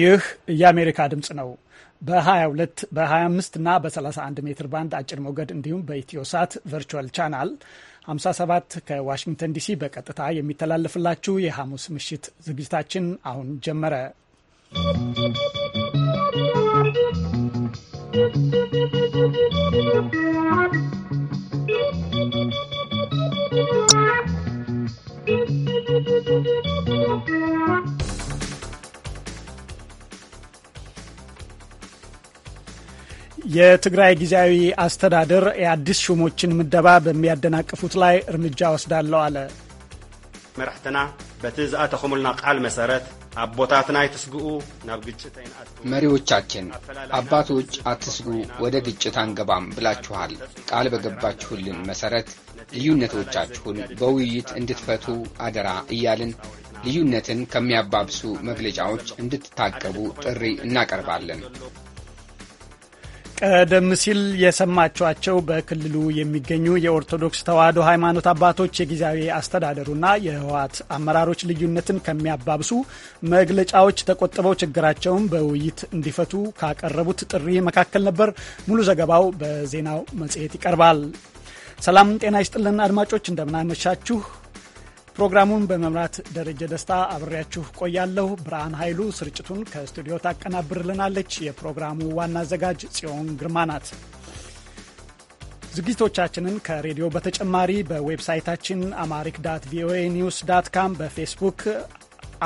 ይህ የአሜሪካ ድምፅ ነው። በ22 በ25 እና በ31 ሜትር ባንድ አጭር ሞገድ እንዲሁም ሳት ቨርቹዋል ቻናል 57 ከዋሽንግተን ዲሲ በቀጥታ የሚተላለፍላችሁ የሐሙስ ምሽት ዝግጅታችን አሁን ጀመረ። የትግራይ ጊዜያዊ አስተዳደር የአዲስ ሹሞችን ምደባ በሚያደናቅፉት ላይ እርምጃ ወስዳለሁ አለ። መራሕትና በቲ ዝኣተኸሙልና ቃል መሰረት አቦታትና አይትስግኡ ናብ ግጭት መሪዎቻችን አባቶች አትስጉ፣ ወደ ግጭት አንገባም ብላችኋል። ቃል በገባችሁልን መሰረት ልዩነቶቻችሁን በውይይት እንድትፈቱ አደራ እያልን ልዩነትን ከሚያባብሱ መግለጫዎች እንድትታቀቡ ጥሪ እናቀርባለን። ቀደም ሲል የሰማችኋቸው በክልሉ የሚገኙ የኦርቶዶክስ ተዋሕዶ ሃይማኖት አባቶች የጊዜያዊ አስተዳደሩና የህወሓት አመራሮች ልዩነትን ከሚያባብሱ መግለጫዎች ተቆጥበው ችግራቸውን በውይይት እንዲፈቱ ካቀረቡት ጥሪ መካከል ነበር። ሙሉ ዘገባው በዜናው መጽሔት ይቀርባል። ሰላም ጤና ይስጥልን አድማጮች እንደምናመሻችሁ ፕሮግራሙን በመምራት ደረጀ ደስታ አብሬያችሁ ቆያለሁ። ብርሃን ኃይሉ ስርጭቱን ከስቱዲዮ ታቀናብርልናለች። የፕሮግራሙ ዋና አዘጋጅ ጽዮን ግርማ ናት። ዝግጅቶቻችንን ከሬዲዮ በተጨማሪ በዌብሳይታችን አማሪክ ዳት ቪኦኤ ኒውስ ዳት ካም በፌስቡክ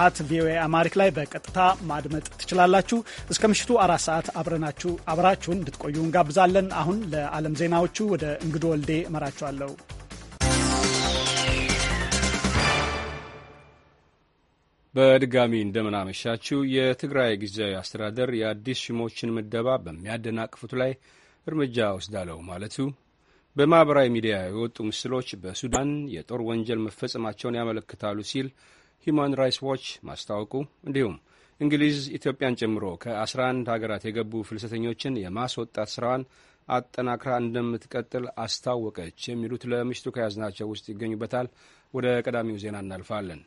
አት ቪኦኤ አማሪክ ላይ በቀጥታ ማድመጥ ትችላላችሁ። እስከ ምሽቱ አራት ሰዓት አብረናችሁ አብራችሁን እንድትቆዩ እንጋብዛለን። አሁን ለዓለም ዜናዎቹ ወደ እንግዶ ወልዴ እመራችኋለሁ። በድጋሚ እንደምናመሻችው የትግራይ ጊዜያዊ አስተዳደር የአዲስ ሽሞችን ምደባ በሚያደናቅፉት ላይ እርምጃ ወስዳለው ማለቱ፣ በማኅበራዊ ሚዲያ የወጡ ምስሎች በሱዳን የጦር ወንጀል መፈጸማቸውን ያመለክታሉ ሲል ሂዩማን ራይትስ ዋች ማስታወቁ፣ እንዲሁም እንግሊዝ ኢትዮጵያን ጨምሮ ከ11 ሀገራት የገቡ ፍልሰተኞችን የማስወጣት ስራዋን አጠናክራ እንደምትቀጥል አስታወቀች። የሚሉት ለምሽቱ ከያዝናቸው ውስጥ ይገኙበታል። ወደ ቀዳሚው ዜና እናልፋለን።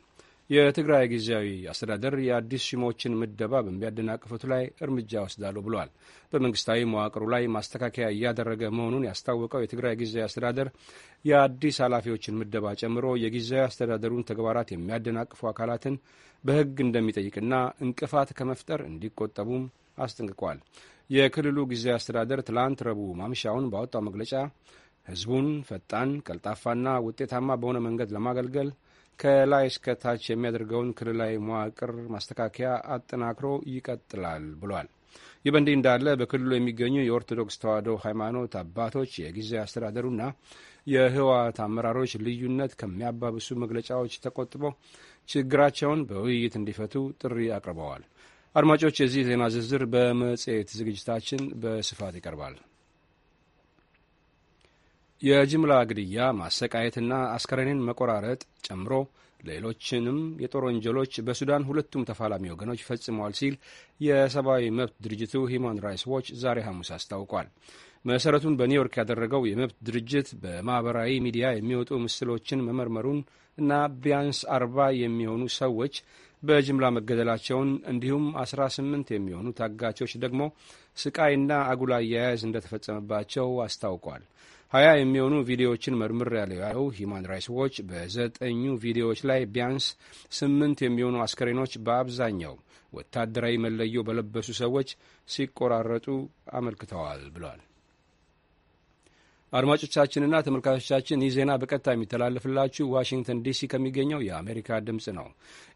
የትግራይ ጊዜያዊ አስተዳደር የአዲስ ሽሞችን ምደባ በሚያደናቅፈቱ ላይ እርምጃ ወስዳለሁ ብለዋል። በመንግስታዊ መዋቅሩ ላይ ማስተካከያ እያደረገ መሆኑን ያስታወቀው የትግራይ ጊዜያዊ አስተዳደር የአዲስ ኃላፊዎችን ምደባ ጨምሮ የጊዜያዊ አስተዳደሩን ተግባራት የሚያደናቅፉ አካላትን በሕግ እንደሚጠይቅና እንቅፋት ከመፍጠር እንዲቆጠቡም አስጠንቅቋል። የክልሉ ጊዜያዊ አስተዳደር ትላንት ረቡዕ ማምሻውን ባወጣው መግለጫ ሕዝቡን ፈጣን፣ ቀልጣፋና ውጤታማ በሆነ መንገድ ለማገልገል ከላይ እስከታች የሚያደርገውን ክልላዊ መዋቅር ማስተካከያ አጠናክሮ ይቀጥላል ብሏል። ይህ በእንዲህ እንዳለ በክልሉ የሚገኙ የኦርቶዶክስ ተዋሕዶ ሃይማኖት አባቶች አስተዳደሩ አስተዳደሩና የህወሓት አመራሮች ልዩነት ከሚያባብሱ መግለጫዎች ተቆጥበው ችግራቸውን በውይይት እንዲፈቱ ጥሪ አቅርበዋል። አድማጮች፣ የዚህ ዜና ዝርዝር በመጽሔት ዝግጅታችን በስፋት ይቀርባል። የጅምላ ግድያ ማሰቃየትና አስከሬንን መቆራረጥ ጨምሮ ሌሎችንም የጦር ወንጀሎች በሱዳን ሁለቱም ተፋላሚ ወገኖች ፈጽመዋል ሲል የሰብአዊ መብት ድርጅቱ ሂማን ራይትስ ዎች ዛሬ ሐሙስ አስታውቋል። መሰረቱን በኒውዮርክ ያደረገው የመብት ድርጅት በማኅበራዊ ሚዲያ የሚወጡ ምስሎችን መመርመሩን እና ቢያንስ አርባ የሚሆኑ ሰዎች በጅምላ መገደላቸውን እንዲሁም አስራ ስምንት የሚሆኑ ታጋቾች ደግሞ ስቃይና አጉል አያያዝ እንደተፈጸመባቸው አስታውቋል። ሀያ የሚሆኑ ቪዲዮዎችን መርምር ያለው ሂማን ራይትስ ዎች በዘጠኙ ቪዲዮዎች ላይ ቢያንስ ስምንት የሚሆኑ አስከሬኖች በአብዛኛው ወታደራዊ መለዮ በለበሱ ሰዎች ሲቆራረጡ አመልክተዋል ብሏል። አድማጮቻችንና ተመልካቾቻችን ይህ ዜና በቀጥታ የሚተላለፍላችሁ ዋሽንግተን ዲሲ ከሚገኘው የአሜሪካ ድምፅ ነው።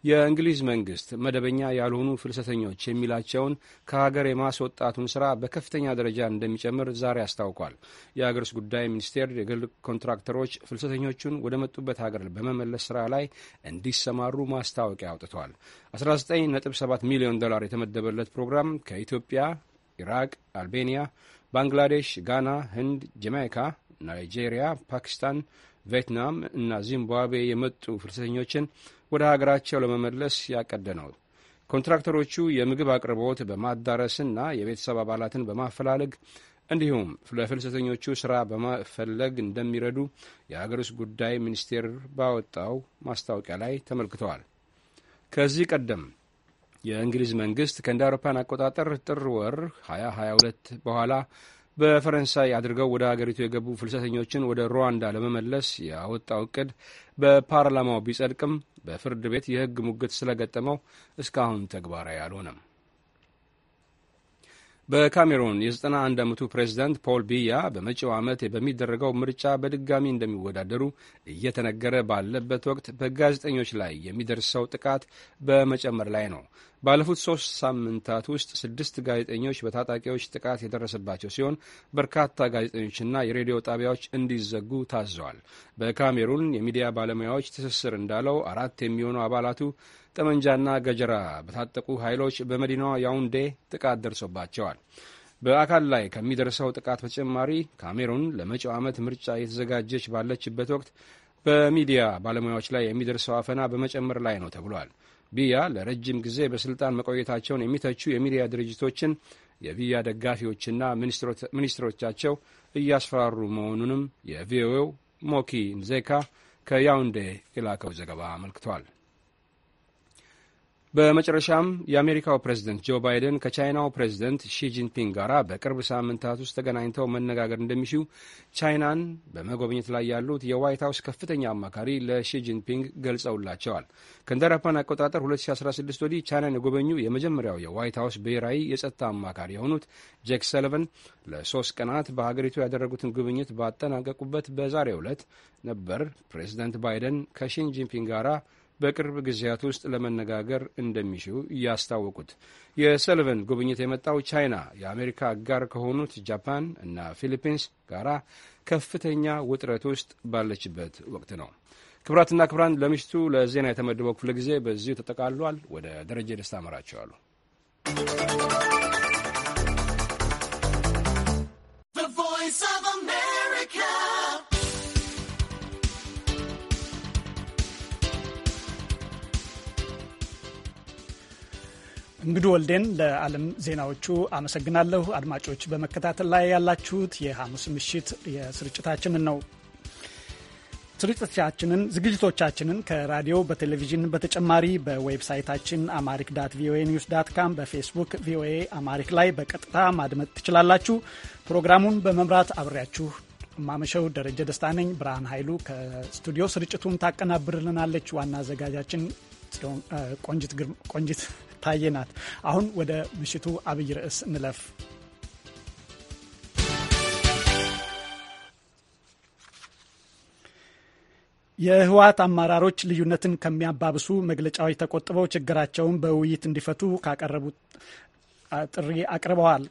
የእንግሊዝ መንግስት መደበኛ ያልሆኑ ፍልሰተኞች የሚላቸውን ከሀገር የማስወጣቱን ስራ በከፍተኛ ደረጃ እንደሚጨምር ዛሬ አስታውቋል። የሀገር ውስጥ ጉዳይ ሚኒስቴር የግል ኮንትራክተሮች ፍልሰተኞቹን ወደ መጡበት ሀገር በመመለስ ስራ ላይ እንዲሰማሩ ማስታወቂያ አውጥቷል። 19.7 ሚሊዮን ዶላር የተመደበለት ፕሮግራም ከኢትዮጵያ፣ ኢራቅ፣ አልቤኒያ ባንግላዴሽ፣ ጋና፣ ህንድ፣ ጀማይካ፣ ናይጄሪያ፣ ፓኪስታን፣ ቪየትናም እና ዚምባብዌ የመጡ ፍልሰተኞችን ወደ ሀገራቸው ለመመለስ ያቀደ ነው። ኮንትራክተሮቹ የምግብ አቅርቦት በማዳረስና የቤተሰብ አባላትን በማፈላለግ እንዲሁም ለፍልሰተኞቹ ሥራ በመፈለግ እንደሚረዱ የአገር ውስጥ ጉዳይ ሚኒስቴር ባወጣው ማስታወቂያ ላይ ተመልክተዋል። ከዚህ ቀደም የእንግሊዝ መንግስት ከእንደ አውሮፓን አቆጣጠር ጥር ወር 2022 በኋላ በፈረንሳይ አድርገው ወደ ሀገሪቱ የገቡ ፍልሰተኞችን ወደ ሩዋንዳ ለመመለስ ያወጣው እቅድ በፓርላማው ቢጸድቅም በፍርድ ቤት የህግ ሙግት ስለገጠመው እስካሁን ተግባራዊ አልሆነም። በካሜሩን የ91 ዓመቱ ፕሬዚዳንት ፖል ቢያ በመጪው ዓመት በሚደረገው ምርጫ በድጋሚ እንደሚወዳደሩ እየተነገረ ባለበት ወቅት በጋዜጠኞች ላይ የሚደርሰው ጥቃት በመጨመር ላይ ነው። ባለፉት ሶስት ሳምንታት ውስጥ ስድስት ጋዜጠኞች በታጣቂዎች ጥቃት የደረሰባቸው ሲሆን በርካታ ጋዜጠኞችና የሬዲዮ ጣቢያዎች እንዲዘጉ ታዘዋል። በካሜሩን የሚዲያ ባለሙያዎች ትስስር እንዳለው አራት የሚሆኑ አባላቱ ጠመንጃና ገጀራ በታጠቁ ኃይሎች በመዲናዋ ያውንዴ ጥቃት ደርሶባቸዋል። በአካል ላይ ከሚደርሰው ጥቃት በተጨማሪ ካሜሩን ለመጪው ዓመት ምርጫ የተዘጋጀች ባለችበት ወቅት በሚዲያ ባለሙያዎች ላይ የሚደርሰው አፈና በመጨመር ላይ ነው ተብሏል። ቢያ ለረጅም ጊዜ በስልጣን መቆየታቸውን የሚተቹ የሚዲያ ድርጅቶችን የቢያ ደጋፊዎችና ሚኒስትሮቻቸው እያስፈራሩ መሆኑንም የቪኦኤው ሞኪ ንዜካ ከያውንዴ የላከው ዘገባ አመልክቷል። በመጨረሻም የአሜሪካው ፕሬዚደንት ጆ ባይደን ከቻይናው ፕሬዝደንት ሺጂንፒንግ ጋር በቅርብ ሳምንታት ውስጥ ተገናኝተው መነጋገር እንደሚሹ ቻይናን በመጎብኘት ላይ ያሉት የዋይት ሀውስ ከፍተኛ አማካሪ ለሺጂንፒንግ ገልጸውላቸዋል። ከእንደ አቆጣጠር 2016 ወዲህ ቻይናን የጎበኙ የመጀመሪያው የዋይት ሀውስ ብሔራዊ የጸጥታ አማካሪ የሆኑት ጄክ ሰለቨን ለሶስት ቀናት በሀገሪቱ ያደረጉትን ጉብኝት ባጠናቀቁበት በዛሬው ዕለት ነበር ፕሬዝደንት ባይደን ከሺጂንፒንግ ጋራ በቅርብ ጊዜያት ውስጥ ለመነጋገር እንደሚችሉ ያስታወቁት። የሰልቨን ጉብኝት የመጣው ቻይና የአሜሪካ አጋር ከሆኑት ጃፓን እና ፊሊፒንስ ጋራ ከፍተኛ ውጥረት ውስጥ ባለችበት ወቅት ነው። ክብራትና ክብራን ለምሽቱ ለዜና የተመደበው ክፍለ ጊዜ በዚሁ ተጠቃሏል። ወደ ደረጀ ደስታ አመራቸዋሉ። እንግዱ ወልዴን ለዓለም ዜናዎቹ አመሰግናለሁ። አድማጮች በመከታተል ላይ ያላችሁት የሐሙስ ምሽት የስርጭታችንን ነው። ስርጭታችንን ዝግጅቶቻችንን ከራዲዮ በቴሌቪዥን በተጨማሪ በዌብሳይታችን አማሪክ ዳት ቪኦኤ ኒውስ ዳት ካም በፌስቡክ ቪኦኤ አማሪክ ላይ በቀጥታ ማድመጥ ትችላላችሁ። ፕሮግራሙን በመምራት አብሬያችሁ ማመሸው ደረጀ ደስታ ነኝ። ብርሃን ኃይሉ ከስቱዲዮ ስርጭቱን ታቀናብርልናለች። ዋና አዘጋጃችን ቆንጅት ታየናት አሁን ወደ ምሽቱ አብይ ርዕስ እንለፍ። የህወሀት አመራሮች ልዩነትን ከሚያባብሱ መግለጫዎች ተቆጥበው ችግራቸውን በውይይት እንዲፈቱ ካቀረቡት ጥሪ አቅርበዋል።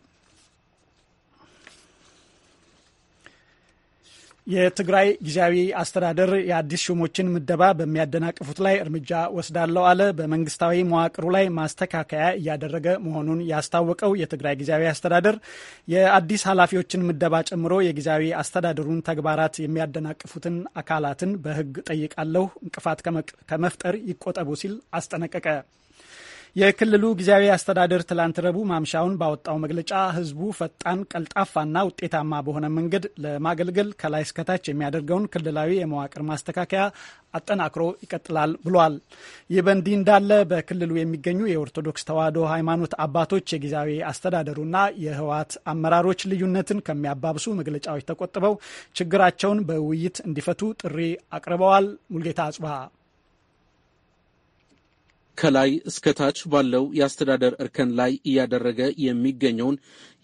የትግራይ ጊዜያዊ አስተዳደር የአዲስ ሹሞችን ምደባ በሚያደናቅፉት ላይ እርምጃ ወስዳለው አለ። በመንግስታዊ መዋቅሩ ላይ ማስተካከያ እያደረገ መሆኑን ያስታወቀው የትግራይ ጊዜያዊ አስተዳደር የአዲስ ኃላፊዎችን ምደባ ጨምሮ የጊዜያዊ አስተዳደሩን ተግባራት የሚያደናቅፉትን አካላትን በሕግ ጠይቃለሁ፣ እንቅፋት ከመፍጠር ይቆጠቡ ሲል አስጠነቀቀ። የክልሉ ጊዜያዊ አስተዳደር ትላንት ረቡዕ ማምሻውን ባወጣው መግለጫ ህዝቡ ፈጣን፣ ቀልጣፋና ውጤታማ በሆነ መንገድ ለማገልገል ከላይ እስከታች የሚያደርገውን ክልላዊ የመዋቅር ማስተካከያ አጠናክሮ ይቀጥላል ብሏል። ይህ በእንዲህ እንዳለ በክልሉ የሚገኙ የኦርቶዶክስ ተዋሕዶ ሃይማኖት አባቶች የጊዜያዊ አስተዳደሩና የህወሓት አመራሮች ልዩነትን ከሚያባብሱ መግለጫዎች ተቆጥበው ችግራቸውን በውይይት እንዲፈቱ ጥሪ አቅርበዋል። ሙልጌታ አጽብሃ ከላይ እስከታች ባለው የአስተዳደር እርከን ላይ እያደረገ የሚገኘውን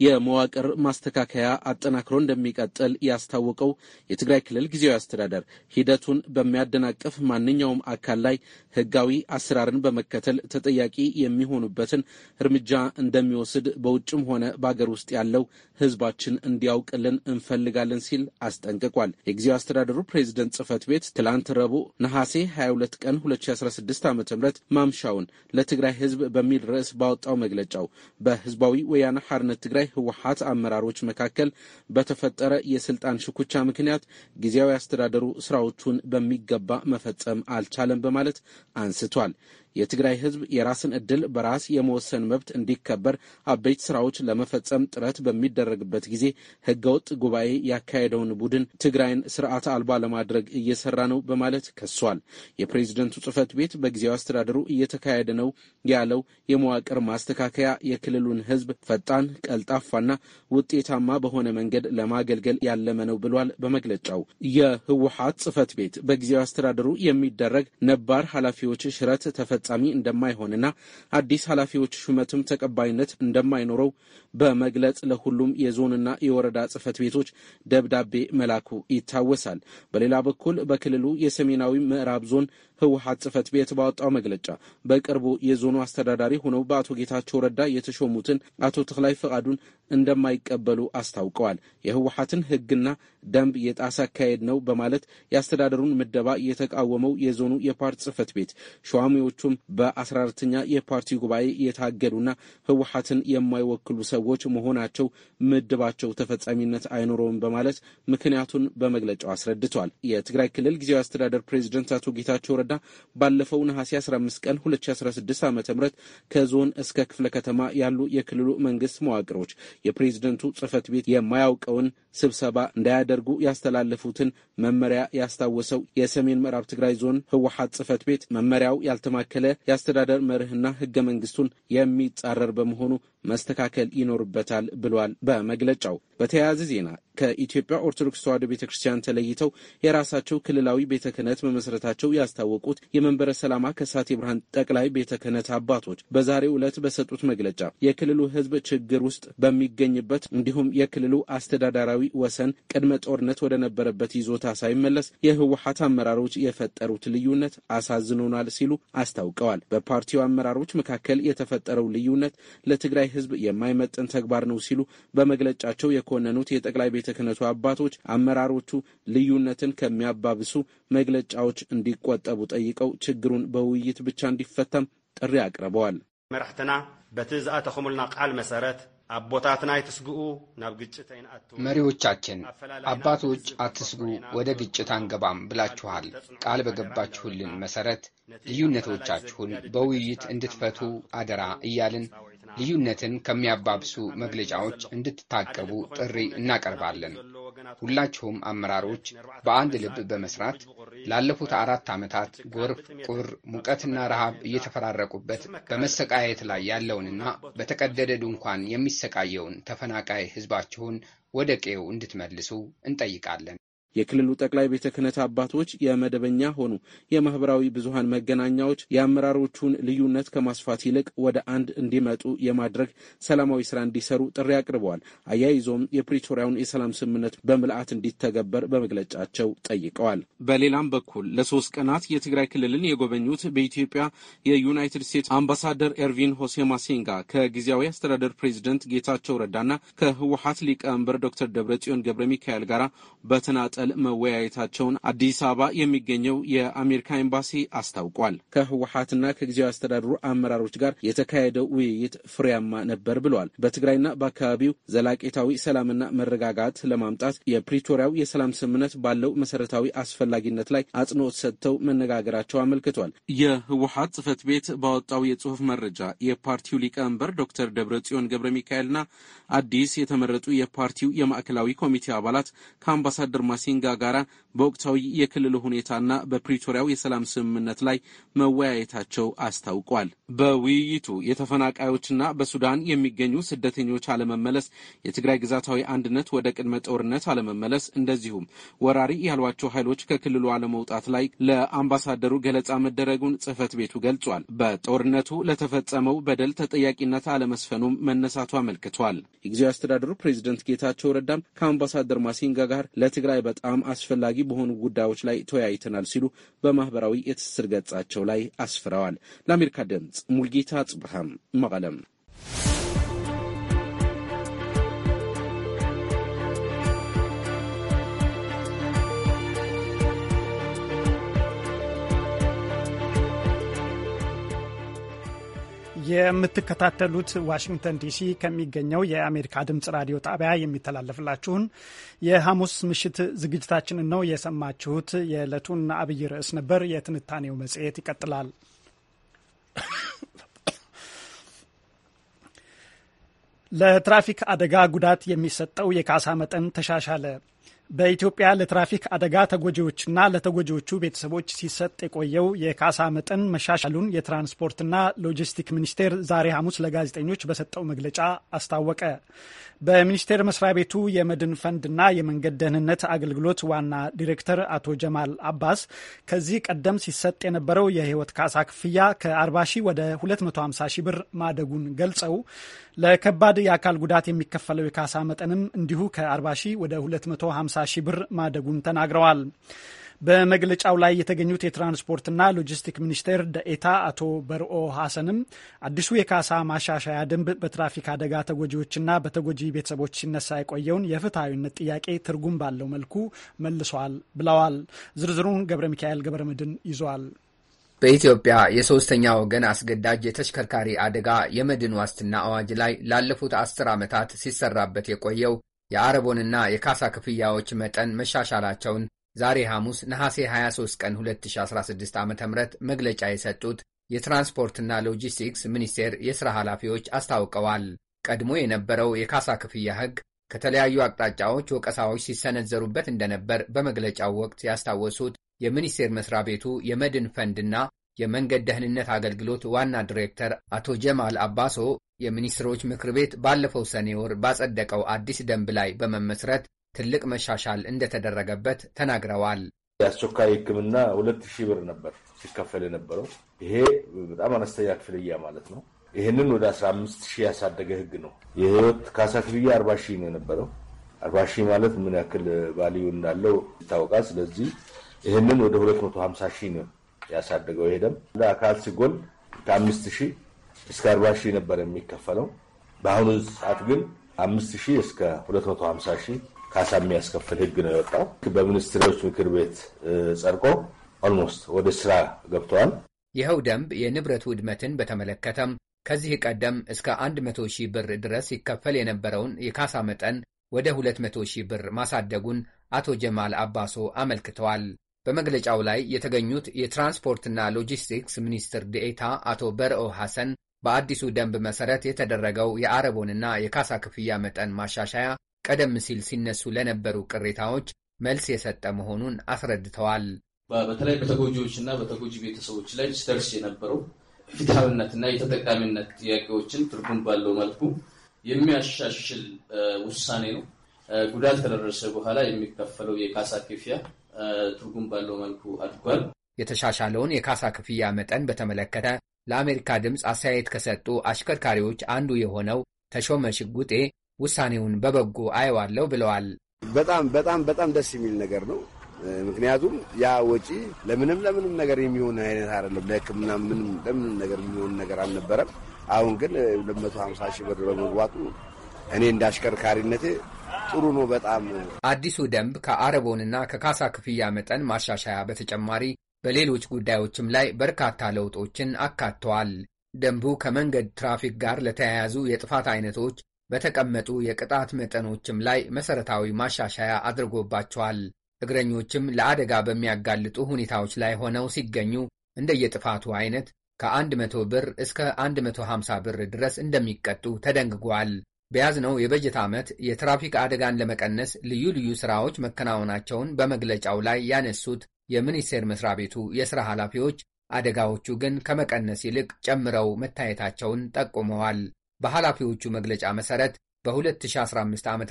የመዋቅር ማስተካከያ አጠናክሮ እንደሚቀጥል ያስታወቀው የትግራይ ክልል ጊዜያዊ አስተዳደር ሂደቱን በሚያደናቅፍ ማንኛውም አካል ላይ ህጋዊ አሰራርን በመከተል ተጠያቂ የሚሆኑበትን እርምጃ እንደሚወስድ በውጭም ሆነ በአገር ውስጥ ያለው ህዝባችን እንዲያውቅልን እንፈልጋለን ሲል አስጠንቅቋል። የጊዜው አስተዳደሩ ፕሬዚደንት ጽህፈት ቤት ትላንት ረቡዕ ነሐሴ 22 ቀን 2016 ዓ ም ማምሻውን ለትግራይ ህዝብ በሚል ርዕስ ባወጣው መግለጫው በህዝባዊ ወያነ ሐርነት ትግራይ ህወሀት አመራሮች መካከል በተፈጠረ የስልጣን ሽኩቻ ምክንያት ጊዜያዊ አስተዳደሩ ስራዎቹን በሚገባ መፈጸም አልቻለም በማለት አንስቷል። የትግራይ ህዝብ የራስን ዕድል በራስ የመወሰን መብት እንዲከበር አበይት ስራዎች ለመፈጸም ጥረት በሚደረግበት ጊዜ ህገወጥ ጉባኤ ያካሄደውን ቡድን ትግራይን ስርዓት አልባ ለማድረግ እየሰራ ነው በማለት ከሷል። የፕሬዝደንቱ ጽህፈት ቤት በጊዜያዊ አስተዳደሩ እየተካሄደ ነው ያለው የመዋቅር ማስተካከያ የክልሉን ህዝብ ፈጣን፣ ቀልጣፋና ውጤታማ በሆነ መንገድ ለማገልገል ያለመ ነው ብሏል። በመግለጫው የህወሀት ጽህፈት ቤት በጊዜያዊ አስተዳደሩ የሚደረግ ነባር ኃላፊዎች ሽረት ተፈ ተፈጻሚ እንደማይሆንና አዲስ ኃላፊዎች ሹመትም ተቀባይነት እንደማይኖረው በመግለጽ ለሁሉም የዞንና የወረዳ ጽህፈት ቤቶች ደብዳቤ መላኩ ይታወሳል። በሌላ በኩል በክልሉ የሰሜናዊ ምዕራብ ዞን ህወሀት ጽህፈት ቤት ባወጣው መግለጫ በቅርቡ የዞኑ አስተዳዳሪ ሆነው በአቶ ጌታቸው ረዳ የተሾሙትን አቶ ተክላይ ፈቃዱን እንደማይቀበሉ አስታውቀዋል። የህወሀትን ህግና ደንብ የጣሰ አካሄድ ነው በማለት የአስተዳደሩን ምደባ የተቃወመው የዞኑ የፓርቲ ጽህፈት ቤት ሸዋሚዎቹም በ14ኛ የፓርቲ ጉባኤ የታገዱና ህወሀትን የማይወክሉ ሰዎች መሆናቸው ምድባቸው ተፈጻሚነት አይኖረውም በማለት ምክንያቱን በመግለጫው አስረድቷል። የትግራይ ክልል ጊዜያዊ አስተዳደር ፕሬዚደንት አቶ ጌታቸው ወረዳ ባለፈው ነሐሴ 15 ቀን 2016 ዓ ም ከዞን እስከ ክፍለ ከተማ ያሉ የክልሉ መንግስት መዋቅሮች የፕሬዝደንቱ ጽህፈት ቤት የማያውቀውን ስብሰባ እንዳያደርጉ ያስተላለፉትን መመሪያ ያስታወሰው የሰሜን ምዕራብ ትግራይ ዞን ህወሓት ጽህፈት ቤት መመሪያው ያልተማከለ የአስተዳደር መርህና ህገ መንግስቱን የሚጻረር በመሆኑ መስተካከል ይኖርበታል ብሏል በመግለጫው። በተያያዘ ዜና ከኢትዮጵያ ኦርቶዶክስ ተዋሕዶ ቤተ ክርስቲያን ተለይተው የራሳቸው ክልላዊ ቤተ ክህነት መመስረታቸው ያስታወቁት የመንበረ ሰላማ ከሳቴ ብርሃን ጠቅላይ ቤተ ክህነት አባቶች በዛሬው ዕለት በሰጡት መግለጫ የክልሉ ሕዝብ ችግር ውስጥ በሚገኝበት እንዲሁም የክልሉ አስተዳደራዊ ወሰን ቅድመ ጦርነት ወደነበረበት ይዞታ ሳይመለስ የህወሀት አመራሮች የፈጠሩት ልዩነት አሳዝኖናል ሲሉ አስታውቀዋል። በፓርቲው አመራሮች መካከል የተፈጠረው ልዩነት ለትግራይ ህዝብ የማይመጥን ተግባር ነው ሲሉ በመግለጫቸው የኮነኑት የጠቅላይ ቤተ ክህነቱ አባቶች አመራሮቹ ልዩነትን ከሚያባብሱ መግለጫዎች እንዲቆጠቡ ጠይቀው ችግሩን በውይይት ብቻ እንዲፈታም ጥሪ አቅርበዋል። መራሕትና በቲ ዝኣተኸሙልና ቃል መሰረት አቦታትና አይትስግኡ ናብ ግጭት አይንአቱ። መሪዎቻችን አባቶች አትስጉ፣ ወደ ግጭት አንገባም ብላችኋል። ቃል በገባችሁልን መሰረት ልዩነቶቻችሁን በውይይት እንድትፈቱ አደራ እያልን ልዩነትን ከሚያባብሱ መግለጫዎች እንድትታቀቡ ጥሪ እናቀርባለን። ሁላችሁም አመራሮች በአንድ ልብ በመስራት ላለፉት አራት ዓመታት ጎርፍ፣ ቁር፣ ሙቀትና ረሃብ እየተፈራረቁበት በመሰቃየት ላይ ያለውንና በተቀደደ ድንኳን የሚሰቃየውን ተፈናቃይ ሕዝባችሁን ወደ ቀዬው እንድትመልሱ እንጠይቃለን። የክልሉ ጠቅላይ ቤተ ክህነት አባቶች የመደበኛ ሆኑ የማህበራዊ ብዙሀን መገናኛዎች የአመራሮቹን ልዩነት ከማስፋት ይልቅ ወደ አንድ እንዲመጡ የማድረግ ሰላማዊ ስራ እንዲሰሩ ጥሪ አቅርበዋል። አያይዞም የፕሪቶሪያውን የሰላም ስምምነት በምልአት እንዲተገበር በመግለጫቸው ጠይቀዋል። በሌላም በኩል ለሶስት ቀናት የትግራይ ክልልን የጎበኙት በኢትዮጵያ የዩናይትድ ስቴትስ አምባሳደር ኤርቪን ሆሴ ማሲንጋ ከጊዜያዊ አስተዳደር ፕሬዚደንት ጌታቸው ረዳና ከህወሀት ሊቀመንበር ዶክተር ደብረጽዮን ገብረ ሚካኤል ጋር በተናጠል በመቀጠል መወያየታቸውን አዲስ አበባ የሚገኘው የአሜሪካ ኤምባሲ አስታውቋል። ከህወሀትና ከጊዜያዊ አስተዳደሩ አመራሮች ጋር የተካሄደው ውይይት ፍሬያማ ነበር ብለዋል። በትግራይና በአካባቢው ዘላቄታዊ ሰላምና መረጋጋት ለማምጣት የፕሪቶሪያው የሰላም ስምምነት ባለው መሰረታዊ አስፈላጊነት ላይ አጽንኦት ሰጥተው መነጋገራቸው አመልክቷል። የህወሀት ጽህፈት ቤት ባወጣው የጽሁፍ መረጃ የፓርቲው ሊቀመንበር ዶክተር ደብረጽዮን ገብረ ሚካኤልና አዲስ የተመረጡ የፓርቲው የማዕከላዊ ኮሚቴ አባላት ከአምባሳደር ማሲ singgah gara በወቅታዊ የክልሉ ሁኔታና በፕሪቶሪያው የሰላም ስምምነት ላይ መወያየታቸው አስታውቋል። በውይይቱ የተፈናቃዮችና በሱዳን የሚገኙ ስደተኞች አለመመለስ፣ የትግራይ ግዛታዊ አንድነት ወደ ቅድመ ጦርነት አለመመለስ፣ እንደዚሁም ወራሪ ያሏቸው ኃይሎች ከክልሉ አለመውጣት ላይ ለአምባሳደሩ ገለጻ መደረጉን ጽህፈት ቤቱ ገልጿል። በጦርነቱ ለተፈጸመው በደል ተጠያቂነት አለመስፈኑም መነሳቱ አመልክቷል። የጊዜያዊ አስተዳደሩ ፕሬዚደንት ጌታቸው ረዳም ከአምባሳደር ማሲንጋ ጋር ለትግራይ በጣም አስፈላጊ በሆኑ ጉዳዮች ላይ ተወያይተናል ሲሉ በማህበራዊ የትስስር ገጻቸው ላይ አስፍረዋል። ለአሜሪካ ድምፅ ሙልጌታ ጽብሃም መቀለም የምትከታተሉት ዋሽንግተን ዲሲ ከሚገኘው የአሜሪካ ድምጽ ራዲዮ ጣቢያ የሚተላለፍላችሁን የሐሙስ ምሽት ዝግጅታችንን ነው የሰማችሁት። የዕለቱን አብይ ርዕስ ነበር። የትንታኔው መጽሔት ይቀጥላል። ለትራፊክ አደጋ ጉዳት የሚሰጠው የካሳ መጠን ተሻሻለ። በኢትዮጵያ ለትራፊክ አደጋ ተጎጂዎችና ለተጎጂዎቹ ቤተሰቦች ሲሰጥ የቆየው የካሳ መጠን መሻሻሉን የትራንስፖርትና ሎጂስቲክ ሚኒስቴር ዛሬ ሐሙስ ለጋዜጠኞች በሰጠው መግለጫ አስታወቀ። በሚኒስቴር መስሪያ ቤቱ የመድን ፈንድና የመንገድ ደህንነት አገልግሎት ዋና ዲሬክተር አቶ ጀማል አባስ ከዚህ ቀደም ሲሰጥ የነበረው የህይወት ካሳ ክፍያ ከ40 ሺህ ወደ 250 ሺህ ብር ማደጉን ገልጸው ለከባድ የአካል ጉዳት የሚከፈለው የካሳ መጠንም እንዲሁ ከ40 ሺህ ወደ 250 ሳሺ ሺህ ብር ማደጉን ተናግረዋል። በመግለጫው ላይ የተገኙት የትራንስፖርትና ሎጂስቲክ ሚኒስቴር ደኤታ አቶ በርኦ ሀሰንም አዲሱ የካሳ ማሻሻያ ደንብ በትራፊክ አደጋ ተጎጂዎችና በተጎጂ ቤተሰቦች ሲነሳ የቆየውን የፍትሐዊነት ጥያቄ ትርጉም ባለው መልኩ መልሷል ብለዋል። ዝርዝሩን ገብረ ሚካኤል ገብረ መድን ይዟል። በኢትዮጵያ የሶስተኛ ወገን አስገዳጅ የተሽከርካሪ አደጋ የመድን ዋስትና አዋጅ ላይ ላለፉት አስር ዓመታት ሲሰራበት የቆየው የአረቦንና የካሳ ክፍያዎች መጠን መሻሻላቸውን ዛሬ ሐሙስ ነሐሴ 23 ቀን 2016 ዓ ም መግለጫ የሰጡት የትራንስፖርትና ሎጂስቲክስ ሚኒስቴር የሥራ ኃላፊዎች አስታውቀዋል። ቀድሞ የነበረው የካሳ ክፍያ ሕግ ከተለያዩ አቅጣጫዎች ወቀሳዎች ሲሰነዘሩበት እንደነበር በመግለጫው ወቅት ያስታወሱት የሚኒስቴር መስሪያ ቤቱ የመድን ፈንድና የመንገድ ደህንነት አገልግሎት ዋና ዲሬክተር አቶ ጀማል አባሶ የሚኒስትሮች ምክር ቤት ባለፈው ሰኔ ወር ባጸደቀው አዲስ ደንብ ላይ በመመስረት ትልቅ መሻሻል እንደተደረገበት ተናግረዋል። የአስቸኳይ ሕክምና ሁለት ሺህ ብር ነበር ሲከፈል የነበረው። ይሄ በጣም አነስተኛ ክፍልያ ማለት ነው። ይህንን ወደ አስራ አምስት ሺህ ያሳደገ ህግ ነው። የህይወት ካሳ ክፍያ አርባ ሺህ ነው የነበረው። አርባ ሺህ ማለት ምን ያክል ቫልዩ እንዳለው ይታወቃል። ስለዚህ ይህንን ወደ ሁለት መቶ ሀምሳ ሺህ ነው ያሳደገው። ይሄ ደም አካል ሲጎል ከአምስት ሺህ እስከ አርባ ሺህ ነበር የሚከፈለው። በአሁኑ ሰዓት ግን አምስት ሺህ እስከ ሁለት መቶ ሀምሳ ሺህ ካሳ የሚያስከፍል ህግ ነው የወጣው። በሚኒስትሮች ምክር ቤት ጸድቆ ኦልሞስት ወደ ስራ ገብተዋል። ይኸው ደንብ የንብረት ውድመትን በተመለከተም ከዚህ ቀደም እስከ 100 ሺህ ብር ድረስ ይከፈል የነበረውን የካሳ መጠን ወደ 200 ሺህ ብር ማሳደጉን አቶ ጀማል አባሶ አመልክተዋል። በመግለጫው ላይ የተገኙት የትራንስፖርትና ሎጂስቲክስ ሚኒስትር ዴኤታ አቶ በርኦ ሐሰን በአዲሱ ደንብ መሰረት የተደረገው የአረቦንና የካሳ ክፍያ መጠን ማሻሻያ ቀደም ሲል ሲነሱ ለነበሩ ቅሬታዎች መልስ የሰጠ መሆኑን አስረድተዋል። በተለይ በተጎጂዎችና በተጎጂ ቤተሰቦች ላይ ሲደርስ የነበረው ፍትሐዊነትና የተጠቃሚነት ጥያቄዎችን ትርጉም ባለው መልኩ የሚያሻሽል ውሳኔ ነው። ጉዳት ከደረሰ በኋላ የሚከፈለው የካሳ ክፍያ ትርጉም ባለው መልኩ አድርጓል። የተሻሻለውን የካሳ ክፍያ መጠን በተመለከተ ለአሜሪካ ድምፅ አስተያየት ከሰጡ አሽከርካሪዎች አንዱ የሆነው ተሾመ ሽጉጤ ውሳኔውን በበጎ አየዋለሁ ብለዋል። በጣም በጣም በጣም ደስ የሚል ነገር ነው። ምክንያቱም ያ ወጪ ለምንም ለምንም ነገር የሚሆን አይነት አይደለም። ለሕክምና ምንም ለምንም ነገር የሚሆን ነገር አልነበረም። አሁን ግን 250 ሺህ ብር በመግባቱ እኔ እንደ አሽከርካሪነቴ ጥሩ ነው በጣም። አዲሱ ደንብ ከአረቦንና ከካሳ ክፍያ መጠን ማሻሻያ በተጨማሪ በሌሎች ጉዳዮችም ላይ በርካታ ለውጦችን አካተዋል። ደንቡ ከመንገድ ትራፊክ ጋር ለተያያዙ የጥፋት አይነቶች በተቀመጡ የቅጣት መጠኖችም ላይ መሰረታዊ ማሻሻያ አድርጎባቸዋል። እግረኞችም ለአደጋ በሚያጋልጡ ሁኔታዎች ላይ ሆነው ሲገኙ እንደየጥፋቱ አይነት ከ100 ብር እስከ 150 ብር ድረስ እንደሚቀጡ ተደንግጓል። በያዝነው የበጀት ዓመት የትራፊክ አደጋን ለመቀነስ ልዩ ልዩ ሥራዎች መከናወናቸውን በመግለጫው ላይ ያነሱት የሚኒስቴር መስሪያ ቤቱ የሥራ ኃላፊዎች አደጋዎቹ ግን ከመቀነስ ይልቅ ጨምረው መታየታቸውን ጠቁመዋል። በኃላፊዎቹ መግለጫ መሠረት በ2015 ዓ ም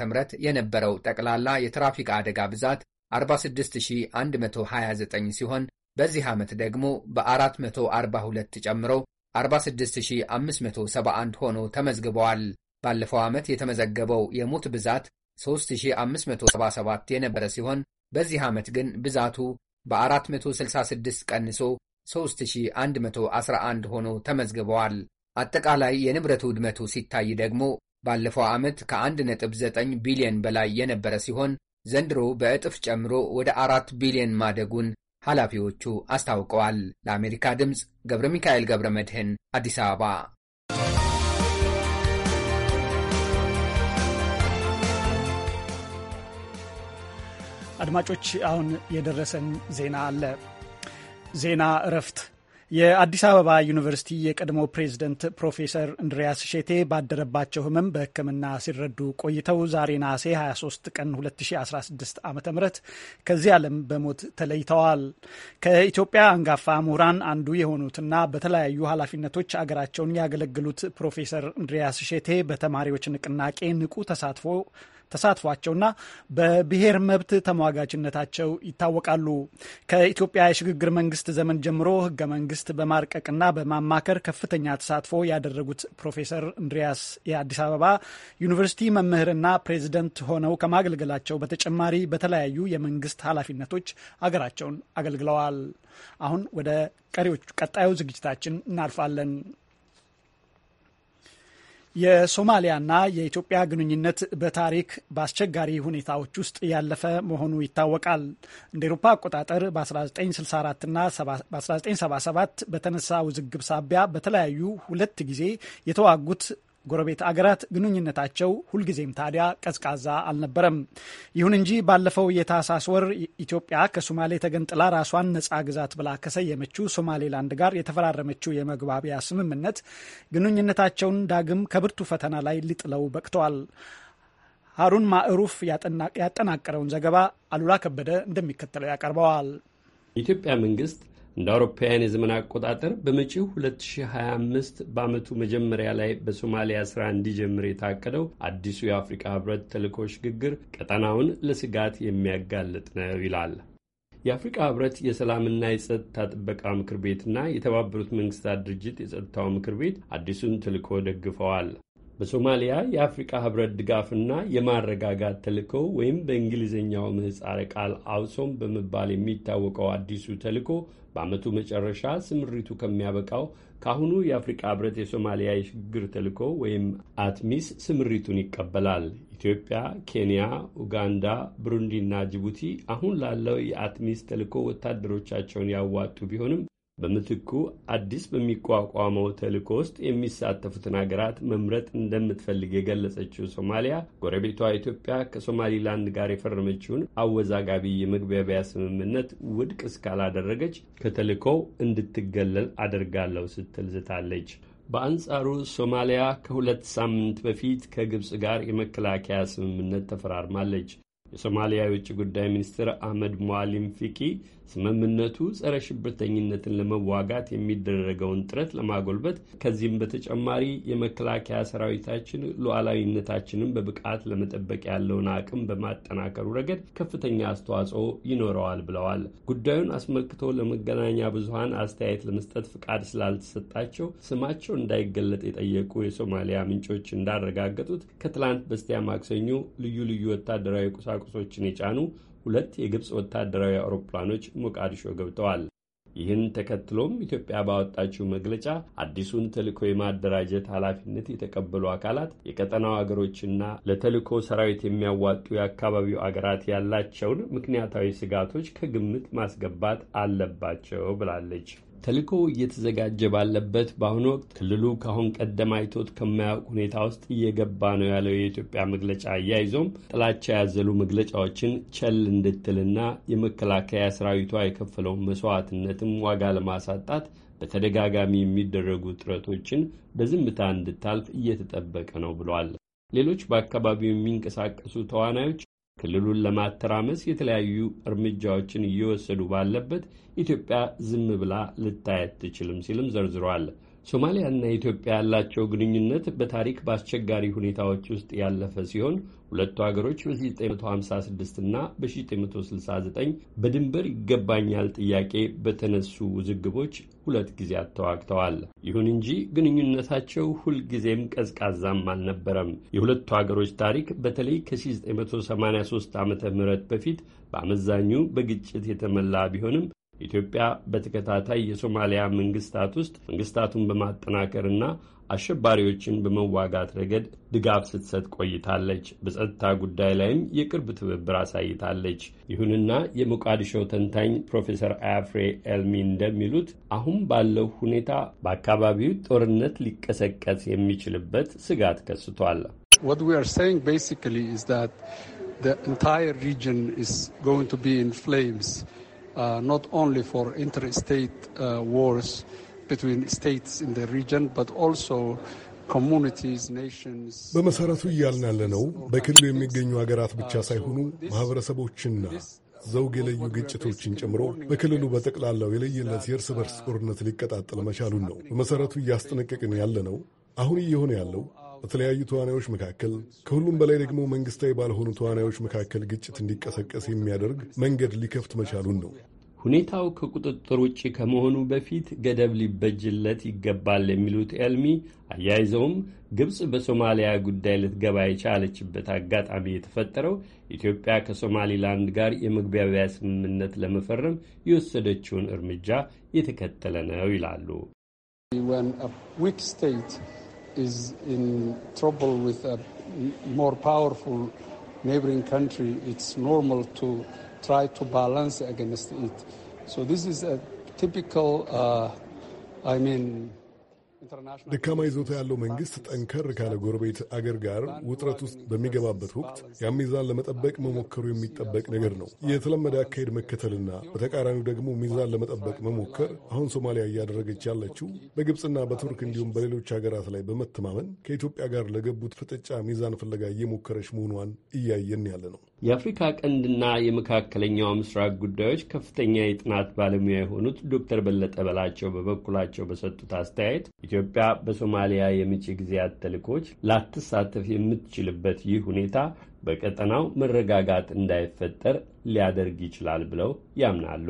የነበረው ጠቅላላ የትራፊክ አደጋ ብዛት 46129 ሲሆን በዚህ ዓመት ደግሞ በ442 ጨምሮ 46571 ሆኖ ተመዝግበዋል። ባለፈው ዓመት የተመዘገበው የሙት ብዛት 3577 የነበረ ሲሆን በዚህ ዓመት ግን ብዛቱ በ466 ቀንሶ 3111 ሆኖ ተመዝግበዋል። አጠቃላይ የንብረት ውድመቱ ሲታይ ደግሞ ባለፈው ዓመት ከ1.9 ቢሊዮን በላይ የነበረ ሲሆን ዘንድሮ በእጥፍ ጨምሮ ወደ አራት ቢሊዮን ማደጉን ኃላፊዎቹ አስታውቀዋል። ለአሜሪካ ድምፅ ገብረ ሚካኤል ገብረ መድህን አዲስ አበባ አድማጮች አሁን የደረሰን ዜና አለ። ዜና እረፍት የአዲስ አበባ ዩኒቨርሲቲ የቀድሞ ፕሬዝደንት ፕሮፌሰር እንድሪያስ ሼቴ ባደረባቸው ሕመም በሕክምና ሲረዱ ቆይተው ዛሬ ነሐሴ 23 ቀን 2016 ዓ ም ከዚህ ዓለም በሞት ተለይተዋል። ከኢትዮጵያ አንጋፋ ምሁራን አንዱ የሆኑትና በተለያዩ ኃላፊነቶች አገራቸውን ያገለግሉት ፕሮፌሰር እንድሪያስ ሼቴ በተማሪዎች ንቅናቄ ንቁ ተሳትፎ ተሳትፏቸውና በብሔር መብት ተሟጋችነታቸው ይታወቃሉ። ከኢትዮጵያ የሽግግር መንግስት ዘመን ጀምሮ ህገ መንግስት በማርቀቅና በማማከር ከፍተኛ ተሳትፎ ያደረጉት ፕሮፌሰር እንድሪያስ የአዲስ አበባ ዩኒቨርሲቲ መምህርና ፕሬዚደንት ሆነው ከማገልገላቸው በተጨማሪ በተለያዩ የመንግስት ኃላፊነቶች አገራቸውን አገልግለዋል። አሁን ወደ ቀሪዎቹ ቀጣዩ ዝግጅታችን እናልፋለን። የሶማሊያና የኢትዮጵያ ግንኙነት በታሪክ በአስቸጋሪ ሁኔታዎች ውስጥ ያለፈ መሆኑ ይታወቃል። እንደ ኤሮፓ አቆጣጠር በ1964ና በ1977 በተነሳ ውዝግብ ሳቢያ በተለያዩ ሁለት ጊዜ የተዋጉት ጎረቤት አገራት ግንኙነታቸው ሁልጊዜም ታዲያ ቀዝቃዛ አልነበረም። ይሁን እንጂ ባለፈው የታህሳስ ወር ኢትዮጵያ ከሶማሌ ተገንጥላ ራሷን ነፃ ግዛት ብላ ከሰየመችው ሶማሌላንድ ጋር የተፈራረመችው የመግባቢያ ስምምነት ግንኙነታቸውን ዳግም ከብርቱ ፈተና ላይ ሊጥለው በቅተዋል። ሀሩን ማዕሩፍ ያጠናቀረውን ዘገባ አሉላ ከበደ እንደሚከተለው ያቀርበዋል። የኢትዮጵያ መንግስት እንደ አውሮፓውያን የዘመን አቆጣጠር በመጪው 2025 በዓመቱ መጀመሪያ ላይ በሶማሊያ ስራ እንዲጀምር የታቀደው አዲሱ የአፍሪካ ህብረት ተልዕኮ ሽግግር ቀጠናውን ለስጋት የሚያጋልጥ ነው ይላል። የአፍሪካ ህብረት የሰላምና የጸጥታ ጥበቃ ምክር ቤትና የተባበሩት መንግስታት ድርጅት የጸጥታው ምክር ቤት አዲሱን ተልዕኮ ደግፈዋል። በሶማሊያ የአፍሪካ ህብረት ድጋፍና የማረጋጋት ተልዕኮ ወይም በእንግሊዝኛው ምህፃረ ቃል አውሶም በመባል የሚታወቀው አዲሱ ተልዕኮ በዓመቱ መጨረሻ ስምሪቱ ከሚያበቃው ከአሁኑ የአፍሪካ ህብረት የሶማሊያ የሽግግር ተልዕኮ ወይም አትሚስ ስምሪቱን ይቀበላል። ኢትዮጵያ፣ ኬንያ፣ ኡጋንዳ፣ ብሩንዲና ጅቡቲ አሁን ላለው የአትሚስ ተልዕኮ ወታደሮቻቸውን ያዋጡ ቢሆንም በምትኩ አዲስ በሚቋቋመው ተልእኮ ውስጥ የሚሳተፉትን ሀገራት መምረጥ እንደምትፈልግ የገለጸችው ሶማሊያ ጎረቤቷ ኢትዮጵያ ከሶማሊላንድ ጋር የፈረመችውን አወዛጋቢ የመግባቢያ ስምምነት ውድቅ እስካላደረገች ከተልእኮው እንድትገለል አደርጋለሁ ስትል ዝታለች። በአንጻሩ ሶማሊያ ከሁለት ሳምንት በፊት ከግብፅ ጋር የመከላከያ ስምምነት ተፈራርማለች። የሶማሊያ የውጭ ጉዳይ ሚኒስትር አህመድ ሙአሊም ፊቂ ስምምነቱ ጸረ ሽብርተኝነትን ለመዋጋት የሚደረገውን ጥረት ለማጎልበት ከዚህም በተጨማሪ የመከላከያ ሰራዊታችን ሉዓላዊነታችንን በብቃት ለመጠበቅ ያለውን አቅም በማጠናከሩ ረገድ ከፍተኛ አስተዋጽኦ ይኖረዋል ብለዋል። ጉዳዩን አስመልክቶ ለመገናኛ ብዙሀን አስተያየት ለመስጠት ፍቃድ ስላልተሰጣቸው ስማቸው እንዳይገለጥ የጠየቁ የሶማሊያ ምንጮች እንዳረጋገጡት ከትላንት በስቲያ ማክሰኞ ልዩ ልዩ ወታደራዊ ቁሳ ቁሳቁሶችን የጫኑ ሁለት የግብፅ ወታደራዊ አውሮፕላኖች ሞቃዲሾ ገብተዋል። ይህን ተከትሎም ኢትዮጵያ ባወጣችው መግለጫ አዲሱን ተልእኮ የማደራጀት ኃላፊነት የተቀበሉ አካላት የቀጠናው አገሮችና ለተልእኮ ሰራዊት የሚያዋጡ የአካባቢው አገራት ያላቸውን ምክንያታዊ ስጋቶች ከግምት ማስገባት አለባቸው ብላለች። ተልኮ እየተዘጋጀ ባለበት በአሁኑ ወቅት ክልሉ ከአሁን ቀደም አይቶት ከማያውቅ ሁኔታ ውስጥ እየገባ ነው ያለው የኢትዮጵያ መግለጫ አያይዞም ጥላቻ ያዘሉ መግለጫዎችን ቸል እንድትልና የመከላከያ ሰራዊቷ የከፈለውን መስዋዕትነትም ዋጋ ለማሳጣት በተደጋጋሚ የሚደረጉ ጥረቶችን በዝምታ እንድታልፍ እየተጠበቀ ነው ብሏል። ሌሎች በአካባቢው የሚንቀሳቀሱ ተዋናዮች ክልሉን ለማተራመስ የተለያዩ እርምጃዎችን እየወሰዱ ባለበት ኢትዮጵያ ዝም ብላ ልታይ አትችልም ሲልም ዘርዝሯል። ሶማሊያና ኢትዮጵያ ያላቸው ግንኙነት በታሪክ በአስቸጋሪ ሁኔታዎች ውስጥ ያለፈ ሲሆን ሁለቱ ሀገሮች በ1956 እና በ1969 በድንበር ይገባኛል ጥያቄ በተነሱ ውዝግቦች ሁለት ጊዜያት አተዋግተዋል። ይሁን እንጂ ግንኙነታቸው ሁልጊዜም ቀዝቃዛም አልነበረም። የሁለቱ ሀገሮች ታሪክ በተለይ ከ1983 ዓ ም በፊት በአመዛኙ በግጭት የተሞላ ቢሆንም ኢትዮጵያ በተከታታይ የሶማሊያ መንግስታት ውስጥ መንግስታቱን በማጠናከርና አሸባሪዎችን በመዋጋት ረገድ ድጋፍ ስትሰጥ ቆይታለች። በጸጥታ ጉዳይ ላይም የቅርብ ትብብር አሳይታለች። ይሁንና የሞቃዲሾው ተንታኝ ፕሮፌሰር አያፍሬ ኤልሚ እንደሚሉት አሁን ባለው ሁኔታ በአካባቢው ጦርነት ሊቀሰቀስ የሚችልበት ስጋት ከስቷል። ሪጅን not only for interstate wars between states in the region, but also በመሰረቱ እያልን ያለነው በክልሉ የሚገኙ ሀገራት ብቻ ሳይሆኑ ማህበረሰቦችና ዘውግ የለዩ ግጭቶችን ጨምሮ በክልሉ በጠቅላላው የለየለት የእርስ በርስ ጦርነት ሊቀጣጠል መቻሉን ነው። በመሰረቱ እያስጠነቀቅን ያለነው አሁን እየሆነ ያለው በተለያዩ ተዋናዮች መካከል ከሁሉም በላይ ደግሞ መንግስታዊ ባልሆኑ ተዋናዮች መካከል ግጭት እንዲቀሰቀስ የሚያደርግ መንገድ ሊከፍት መቻሉን ነው። ሁኔታው ከቁጥጥር ውጭ ከመሆኑ በፊት ገደብ ሊበጅለት ይገባል የሚሉት ኤልሚ አያይዘውም ግብፅ በሶማሊያ ጉዳይ ልትገባ የቻለችበት አጋጣሚ የተፈጠረው ኢትዮጵያ ከሶማሊላንድ ጋር የመግባቢያ ስምምነት ለመፈረም የወሰደችውን እርምጃ የተከተለ ነው ይላሉ። is in trouble with a more powerful neighboring country, it's normal to try to balance against it. So this is a typical, uh, I mean, ደካማ ይዞታ ያለው መንግስት ጠንከር ካለ ጎረቤት አገር ጋር ውጥረት ውስጥ በሚገባበት ወቅት ያን ሚዛን ለመጠበቅ መሞከሩ የሚጠበቅ ነገር ነው። የተለመደ አካሄድ መከተልና በተቃራኒው ደግሞ ሚዛን ለመጠበቅ መሞከር አሁን ሶማሊያ እያደረገች ያለችው በግብፅና በቱርክ እንዲሁም በሌሎች ሀገራት ላይ በመተማመን ከኢትዮጵያ ጋር ለገቡት ፍጥጫ ሚዛን ፍለጋ እየሞከረች መሆኗን እያየን ያለ ነው። የአፍሪካ ቀንድና የመካከለኛው ምስራቅ ጉዳዮች ከፍተኛ የጥናት ባለሙያ የሆኑት ዶክተር በለጠ በላቸው በበኩላቸው በሰጡት አስተያየት ኢትዮጵያ በሶማሊያ የምጪ ጊዜያት ተልእኮች ላትሳተፍ የምትችልበት ይህ ሁኔታ በቀጠናው መረጋጋት እንዳይፈጠር ሊያደርግ ይችላል ብለው ያምናሉ።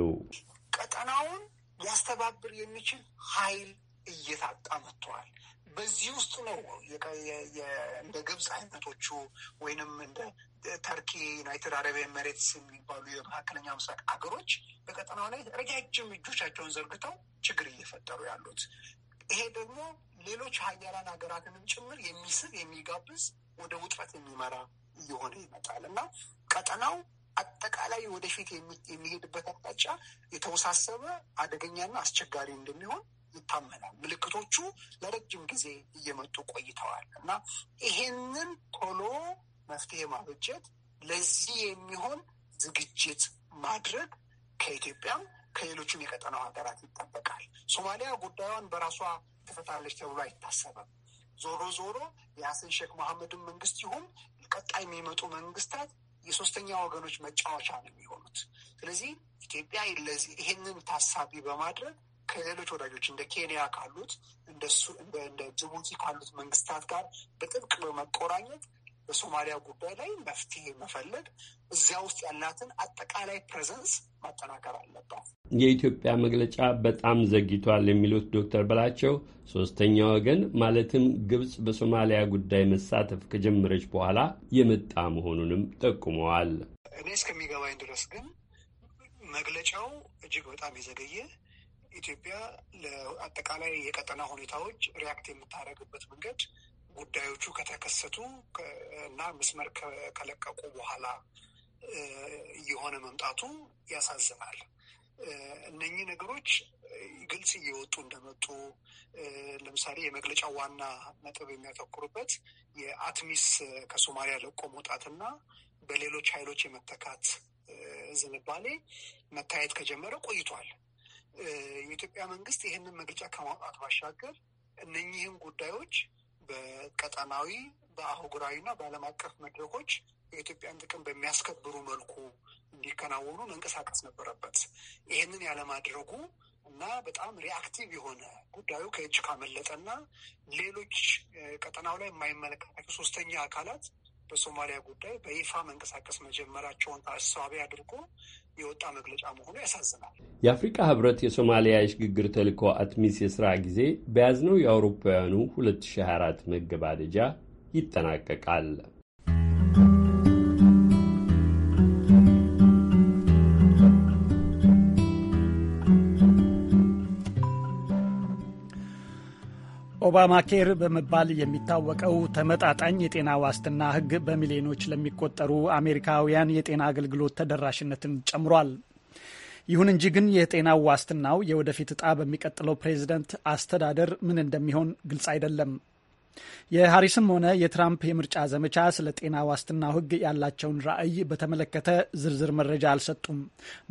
ቀጠናውን ሊያስተባብር የሚችል ኃይል እየታጣ መጥተዋል። በዚህ ውስጥ ነው እንደ ግብፅ አይነቶቹ ወይንም እንደ ተርኪ፣ ዩናይትድ አረብ ኤምሬትስ የሚባሉ የመካከለኛ ምስራቅ አገሮች በቀጠናው ላይ ረጃጅም እጆቻቸውን ዘርግተው ችግር እየፈጠሩ ያሉት ይሄ ደግሞ ሌሎች ሀያላን ሀገራትንም ጭምር የሚስብ የሚጋብዝ ወደ ውጥረት የሚመራ እየሆነ ይመጣል እና ቀጠናው አጠቃላይ ወደፊት የሚሄድበት አቅጣጫ የተወሳሰበ አደገኛና አስቸጋሪ እንደሚሆን ይታመናል። ምልክቶቹ ለረጅም ጊዜ እየመጡ ቆይተዋል እና ይሄንን ቶሎ መፍትሄ ማበጀት ለዚህ የሚሆን ዝግጅት ማድረግ ከኢትዮጵያም ከሌሎችም የቀጠናው ሀገራት ይጠበቃል። ሶማሊያ ጉዳዩን በራሷ ትፈታለች ተብሎ አይታሰብም። ዞሮ ዞሮ የአሰን ሼክ መሐመድን መንግስት ይሁን ቀጣይ የሚመጡ መንግስታት የሶስተኛ ወገኖች መጫወቻ ነው የሚሆኑት። ስለዚህ ኢትዮጵያ ይህንን ታሳቢ በማድረግ ከሌሎች ወዳጆች እንደ ኬንያ ካሉት እንደ ጅቡቲ ካሉት መንግስታት ጋር በጥብቅ በመቆራኘት በሶማሊያ ጉዳይ ላይ መፍትሄ መፈለግ እዚያ ውስጥ ያላትን አጠቃላይ ፕሬዘንስ ማጠናከር አለባት። የኢትዮጵያ መግለጫ በጣም ዘግይቷል የሚሉት ዶክተር በላቸው ሶስተኛ ወገን ማለትም ግብጽ በሶማሊያ ጉዳይ መሳተፍ ከጀመረች በኋላ የመጣ መሆኑንም ጠቁመዋል። እኔ እስከሚገባኝ ድረስ ግን መግለጫው እጅግ በጣም የዘገየ ኢትዮጵያ ለአጠቃላይ የቀጠና ሁኔታዎች ሪያክት የምታደርግበት መንገድ ጉዳዮቹ ከተከሰቱ እና መስመር ከለቀቁ በኋላ እየሆነ መምጣቱ ያሳዝናል። እነኚህ ነገሮች ግልጽ እየወጡ እንደመጡ ለምሳሌ የመግለጫ ዋና ነጥብ የሚያተኩሩበት የአትሚስ ከሶማሊያ ለቆ መውጣትና በሌሎች ኃይሎች የመተካት ዝንባሌ መታየት ከጀመረ ቆይቷል። የኢትዮጵያ መንግስት ይህንን መግለጫ ከማውጣት ባሻገር እነኚህን ጉዳዮች በቀጠናዊ በአህጉራዊ እና በዓለም አቀፍ መድረኮች የኢትዮጵያን ጥቅም በሚያስከብሩ መልኩ እንዲከናወኑ መንቀሳቀስ ነበረበት። ይህንን ያለማድረጉ እና በጣም ሪአክቲቭ የሆነ ጉዳዩ ከእጅ ካመለጠና ሌሎች ቀጠናው ላይ የማይመለከታቸው ሶስተኛ አካላት በሶማሊያ ጉዳይ በይፋ መንቀሳቀስ መጀመራቸውን ታሳቢ አድርጎ የወጣ መግለጫ መሆኑ ያሳዝናል። የአፍሪካ ህብረት የሶማሊያ የሽግግር ተልእኮ አትሚስ የስራ ጊዜ በያዝነው የአውሮፓውያኑ 2024 መገባደጃ ይጠናቀቃል። ኦባማ ኬር በመባል የሚታወቀው ተመጣጣኝ የጤና ዋስትና ሕግ በሚሊዮኖች ለሚቆጠሩ አሜሪካውያን የጤና አገልግሎት ተደራሽነትን ጨምሯል። ይሁን እንጂ ግን የጤናው ዋስትናው የወደፊት ዕጣ በሚቀጥለው ፕሬዝደንት አስተዳደር ምን እንደሚሆን ግልጽ አይደለም። የሀሪስም ሆነ የትራምፕ የምርጫ ዘመቻ ስለ ጤና ዋስትና ሕግ ያላቸውን ራዕይ በተመለከተ ዝርዝር መረጃ አልሰጡም።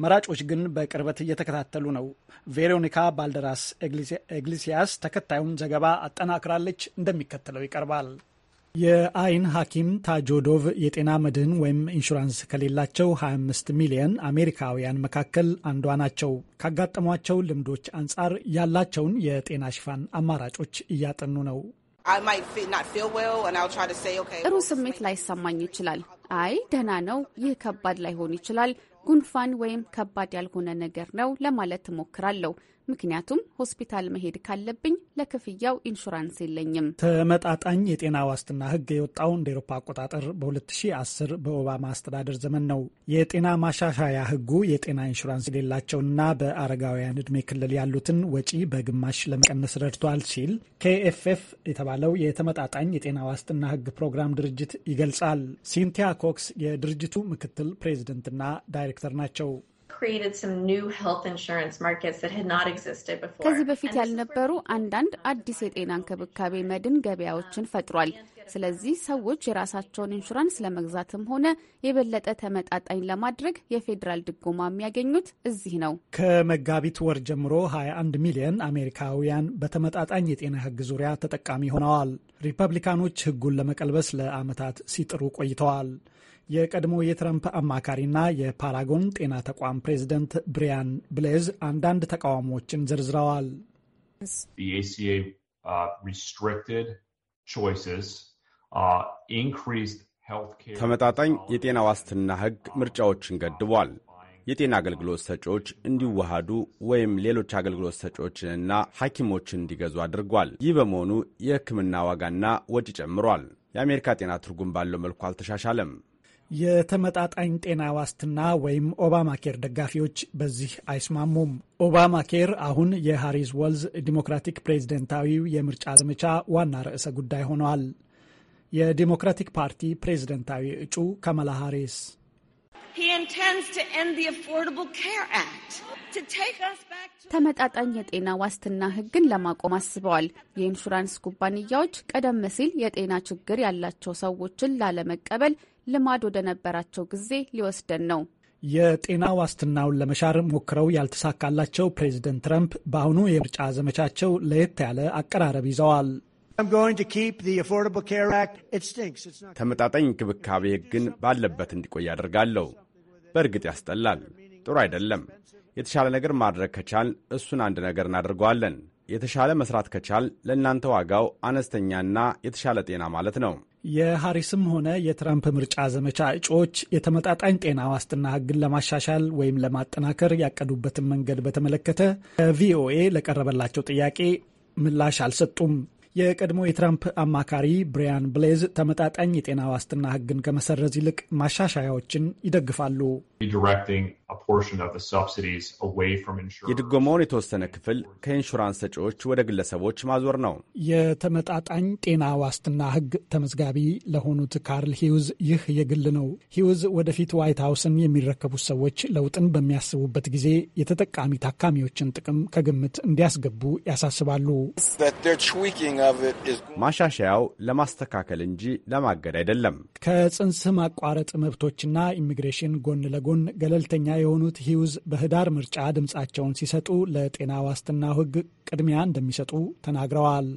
መራጮች ግን በቅርበት እየተከታተሉ ነው። ቬሮኒካ ባልደራስ ኤግሊሲያስ ተከታዩን ዘገባ አጠናክራለች፣ እንደሚከተለው ይቀርባል። የአይን ሐኪም ታጆዶቭ የጤና መድህን ወይም ኢንሹራንስ ከሌላቸው 25 ሚሊዮን አሜሪካውያን መካከል አንዷ ናቸው። ካጋጠሟቸው ልምዶች አንጻር ያላቸውን የጤና ሽፋን አማራጮች እያጠኑ ነው። ጥሩ ስሜት ላይሰማኝ ይችላል። አይ ደህና ነው፣ ይህ ከባድ ላይሆን ይችላል፣ ጉንፋን ወይም ከባድ ያልሆነ ነገር ነው ለማለት እሞክራለሁ። ምክንያቱም ሆስፒታል መሄድ ካለብኝ ለክፍያው ኢንሹራንስ የለኝም። ተመጣጣኝ የጤና ዋስትና ሕግ የወጣው እንደ ኤሮፓ አቆጣጠር በ2010 በኦባማ አስተዳደር ዘመን ነው። የጤና ማሻሻያ ሕጉ የጤና ኢንሹራንስ የሌላቸውና በአረጋውያን እድሜ ክልል ያሉትን ወጪ በግማሽ ለመቀነስ ረድቷል ሲል ኬኤፍኤፍ የተባለው የተመጣጣኝ የጤና ዋስትና ሕግ ፕሮግራም ድርጅት ይገልጻል። ሲንቲያ ኮክስ የድርጅቱ ምክትል ፕሬዚደንትና ዳይሬክተር ናቸው። created some new health insurance markets that had not existed before. ከዚህ በፊት ያልነበሩ አንዳንድ አዲስ የጤና እንክብካቤ መድን ገበያዎችን ፈጥሯል። ስለዚህ ሰዎች የራሳቸውን ኢንሹራንስ ለመግዛትም ሆነ የበለጠ ተመጣጣኝ ለማድረግ የፌዴራል ድጎማ የሚያገኙት እዚህ ነው። ከመጋቢት ወር ጀምሮ 21 ሚሊዮን አሜሪካውያን በተመጣጣኝ የጤና ሕግ ዙሪያ ተጠቃሚ ሆነዋል። ሪፐብሊካኖች ሕጉን ለመቀልበስ ለአመታት ሲጥሩ ቆይተዋል። የቀድሞ የትረምፕ አማካሪና የፓራጎን ጤና ተቋም ፕሬዚደንት ብሪያን ብሌዝ አንዳንድ ተቃውሞዎችን ዘርዝረዋል። uh, uh, ተመጣጣኝ የጤና ዋስትና ሕግ ምርጫዎችን ገድቧል። የጤና አገልግሎት ሰጪዎች እንዲዋሃዱ ወይም ሌሎች አገልግሎት ሰጪዎችንና ሐኪሞችን እንዲገዙ አድርጓል። ይህ በመሆኑ የሕክምና ዋጋና ወጪ ጨምሯል። የአሜሪካ ጤና ትርጉም ባለው መልኩ አልተሻሻለም። የተመጣጣኝ ጤና ዋስትና ወይም ኦባማ ኬር ደጋፊዎች በዚህ አይስማሙም። ኦባማ ኬር አሁን የሃሪስ ወልዝ ዲሞክራቲክ ፕሬዝደንታዊው የምርጫ ዘመቻ ዋና ርዕሰ ጉዳይ ሆነዋል። የዲሞክራቲክ ፓርቲ ፕሬዝደንታዊ እጩ ከመላ ሃሪስ ተመጣጣኝ የጤና ዋስትና ሕግን ለማቆም አስበዋል። የኢንሹራንስ ኩባንያዎች ቀደም ሲል የጤና ችግር ያላቸው ሰዎችን ላለመቀበል ልማድ ወደ ነበራቸው ጊዜ ሊወስደን ነው። የጤና ዋስትናውን ለመሻር ሞክረው ያልተሳካላቸው ፕሬዚደንት ትረምፕ በአሁኑ የምርጫ ዘመቻቸው ለየት ያለ አቀራረብ ይዘዋል። ተመጣጣኝ እንክብካቤ ሕግን ባለበት እንዲቆይ አደርጋለሁ። በእርግጥ ያስጠላል፣ ጥሩ አይደለም። የተሻለ ነገር ማድረግ ከቻል እሱን አንድ ነገር እናደርገዋለን። የተሻለ መስራት ከቻል ለእናንተ ዋጋው አነስተኛና የተሻለ ጤና ማለት ነው። የሃሪስም ሆነ የትራምፕ ምርጫ ዘመቻ እጩዎች የተመጣጣኝ ጤና ዋስትና ሕግን ለማሻሻል ወይም ለማጠናከር ያቀዱበትን መንገድ በተመለከተ ከቪኦኤ ለቀረበላቸው ጥያቄ ምላሽ አልሰጡም። የቀድሞ የትራምፕ አማካሪ ብሪያን ብሌዝ ተመጣጣኝ የጤና ዋስትና ሕግን ከመሰረዝ ይልቅ ማሻሻያዎችን ይደግፋሉ። የድጎማውን የተወሰነ ክፍል ከኢንሹራንስ ሰጪዎች ወደ ግለሰቦች ማዞር ነው። የተመጣጣኝ ጤና ዋስትና ሕግ ተመዝጋቢ ለሆኑት ካርል ሂውዝ ይህ የግል ነው። ሂውዝ ወደፊት ዋይት ሀውስን የሚረከቡት ሰዎች ለውጥን በሚያስቡበት ጊዜ የተጠቃሚ ታካሚዎችን ጥቅም ከግምት እንዲያስገቡ ያሳስባሉ። ማሻሻያው ለማስተካከል እንጂ ለማገድ አይደለም። ከጽንስ ማቋረጥ መብቶችና ኢሚግሬሽን ጎን ለጎን ይልቁን ገለልተኛ የሆኑት ሂውዝ በህዳር ምርጫ ድምፃቸውን ሲሰጡ ለጤና ዋስትናው ህግ ቅድሚያ እንደሚሰጡ ተናግረዋል።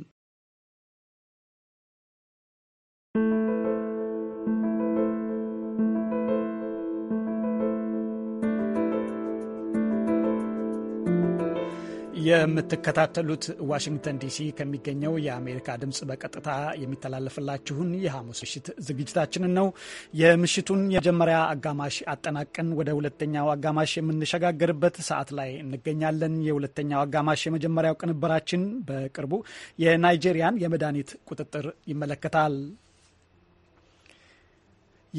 የምትከታተሉት ዋሽንግተን ዲሲ ከሚገኘው የአሜሪካ ድምፅ በቀጥታ የሚተላለፍላችሁን የሐሙስ ምሽት ዝግጅታችንን ነው። የምሽቱን የመጀመሪያ አጋማሽ አጠናቀን ወደ ሁለተኛው አጋማሽ የምንሸጋገርበት ሰዓት ላይ እንገኛለን። የሁለተኛው አጋማሽ የመጀመሪያው ቅንብራችን በቅርቡ የናይጄሪያን የመድኃኒት ቁጥጥር ይመለከታል።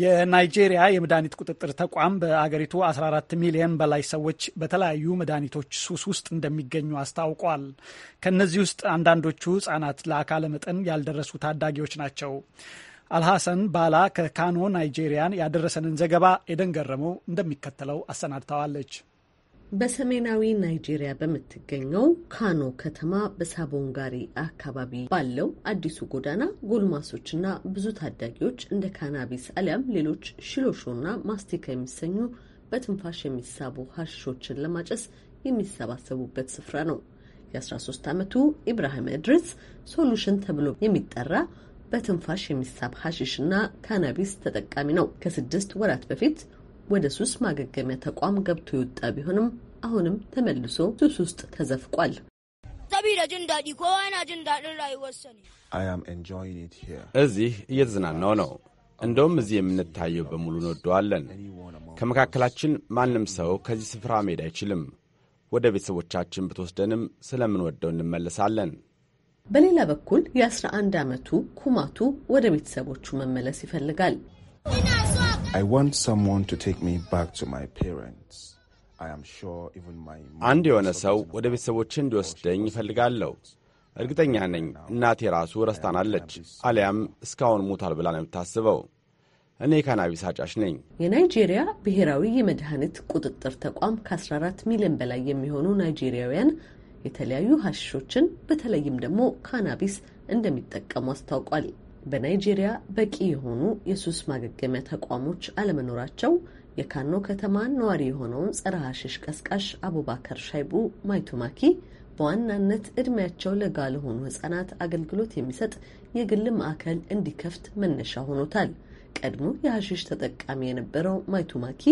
የናይጄሪያ የመድኃኒት ቁጥጥር ተቋም በአገሪቱ 14 ሚሊዮን በላይ ሰዎች በተለያዩ መድኃኒቶች ሱስ ውስጥ እንደሚገኙ አስታውቋል። ከእነዚህ ውስጥ አንዳንዶቹ ህጻናት፣ ለአካለ መጠን ያልደረሱ ታዳጊዎች ናቸው። አልሐሰን ባላ ከካኖ ናይጄሪያን ያደረሰንን ዘገባ የደንገረመው እንደሚከተለው አሰናድተዋለች። በሰሜናዊ ናይጄሪያ በምትገኘው ካኖ ከተማ በሳቦንጋሪ አካባቢ ባለው አዲሱ ጎዳና ጎልማሶችና ብዙ ታዳጊዎች እንደ ካናቢስ አሊያም ሌሎች ሽሎሾና ማስቲካ የሚሰኙ በትንፋሽ የሚሳቡ ሀሽሾችን ለማጨስ የሚሰባሰቡበት ስፍራ ነው። የ13 ዓመቱ ኢብራሂም እድሪስ ሶሉሽን ተብሎ የሚጠራ በትንፋሽ የሚሳብ ሀሺሽና ካናቢስ ተጠቃሚ ነው። ከስድስት ወራት በፊት ወደ ሱስ ማገገሚያ ተቋም ገብቶ የወጣ ቢሆንም አሁንም ተመልሶ ሱስ ውስጥ ተዘፍቋል። እዚህ እየተዝናናው ነው። እንደውም እዚህ የምንታየው በሙሉ እንወደዋለን። ከመካከላችን ማንም ሰው ከዚህ ስፍራ መሄድ አይችልም። ወደ ቤተሰቦቻችን ብትወስደንም ስለምንወደው እንመለሳለን። በሌላ በኩል የ11 ዓመቱ ኩማቱ ወደ ቤተሰቦቹ መመለስ ይፈልጋል። አንድ የሆነ ሰው ወደ ቤተሰቦቼ እንዲወስደኝ እፈልጋለሁ። እርግጠኛ ነኝ እናቴ ራሱ ረስታናለች፣ አሊያም እስካሁን ሞታል ብላ ነው የምታስበው። እኔ ካናቢስ አጫሽ ነኝ። የናይጄሪያ ብሔራዊ የመድኃኒት ቁጥጥር ተቋም ከ14 ሚሊዮን በላይ የሚሆኑ ናይጄሪያውያን የተለያዩ ሀሽሾችን በተለይም ደግሞ ካናቢስ እንደሚጠቀሙ አስታውቋል። በናይጄሪያ በቂ የሆኑ የሱስ ማገገሚያ ተቋሞች አለመኖራቸው የካኖ ከተማ ነዋሪ የሆነውን ጸረ ሐሽሽ ቀስቃሽ አቡባከር ሻይቡ ማይቱማኪ በዋናነት ዕድሜያቸው ለጋ ለሆኑ ህጻናት አገልግሎት የሚሰጥ የግል ማዕከል እንዲከፍት መነሻ ሆኖታል። ቀድሞ የሐሽሽ ተጠቃሚ የነበረው ማይቱማኪ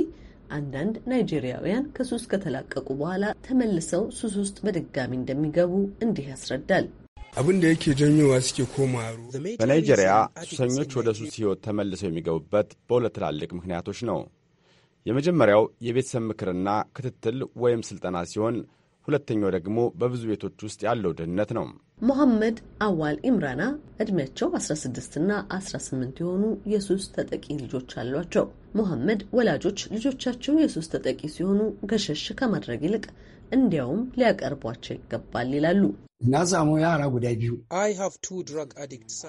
አንዳንድ ናይጄሪያውያን ከሱስ ከተላቀቁ በኋላ ተመልሰው ሱስ ውስጥ በድጋሚ እንደሚገቡ እንዲህ ያስረዳል። abin da yake janyowa suke koma በናይጄሪያ ሱሰኞች ወደ ሱስ ሕይወት ተመልሰው የሚገቡበት በሁለት ትላልቅ ምክንያቶች ነው። የመጀመሪያው የቤተሰብ ምክርና ክትትል ወይም ስልጠና ሲሆን ሁለተኛው ደግሞ በብዙ ቤቶች ውስጥ ያለው ድህነት ነው። ሞሐመድ አዋል ኢምራና ዕድሜያቸው 16ና 18 የሆኑ የሱስ ተጠቂ ልጆች አሏቸው። ሞሐመድ ወላጆች ልጆቻቸው የሱስ ተጠቂ ሲሆኑ ገሸሽ ከማድረግ ይልቅ እንዲያውም ሊያቀርቧቸው ይገባል ይላሉ።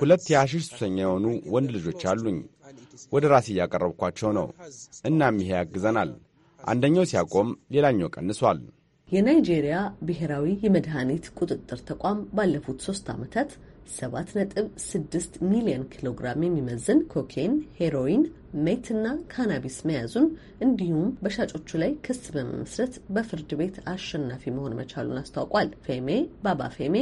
ሁለት የሐሺሽ ሱሰኛ የሆኑ ወንድ ልጆች አሉኝ። ወደ ራሴ እያቀረብኳቸው ነው። እናም ይሄ ያግዘናል። አንደኛው ሲያቆም፣ ሌላኛው ቀንሷል። የናይጄሪያ ብሔራዊ የመድኃኒት ቁጥጥር ተቋም ባለፉት ሶስት ዓመታት 7.6 ሚሊዮን ኪሎግራም የሚመዝን ኮኬን፣ ሄሮይን ሜትና ካናቢስ መያዙን እንዲሁም በሻጮቹ ላይ ክስ በመመስረት በፍርድ ቤት አሸናፊ መሆን መቻሉን አስታውቋል። ፌሜ ባባ ፌሜ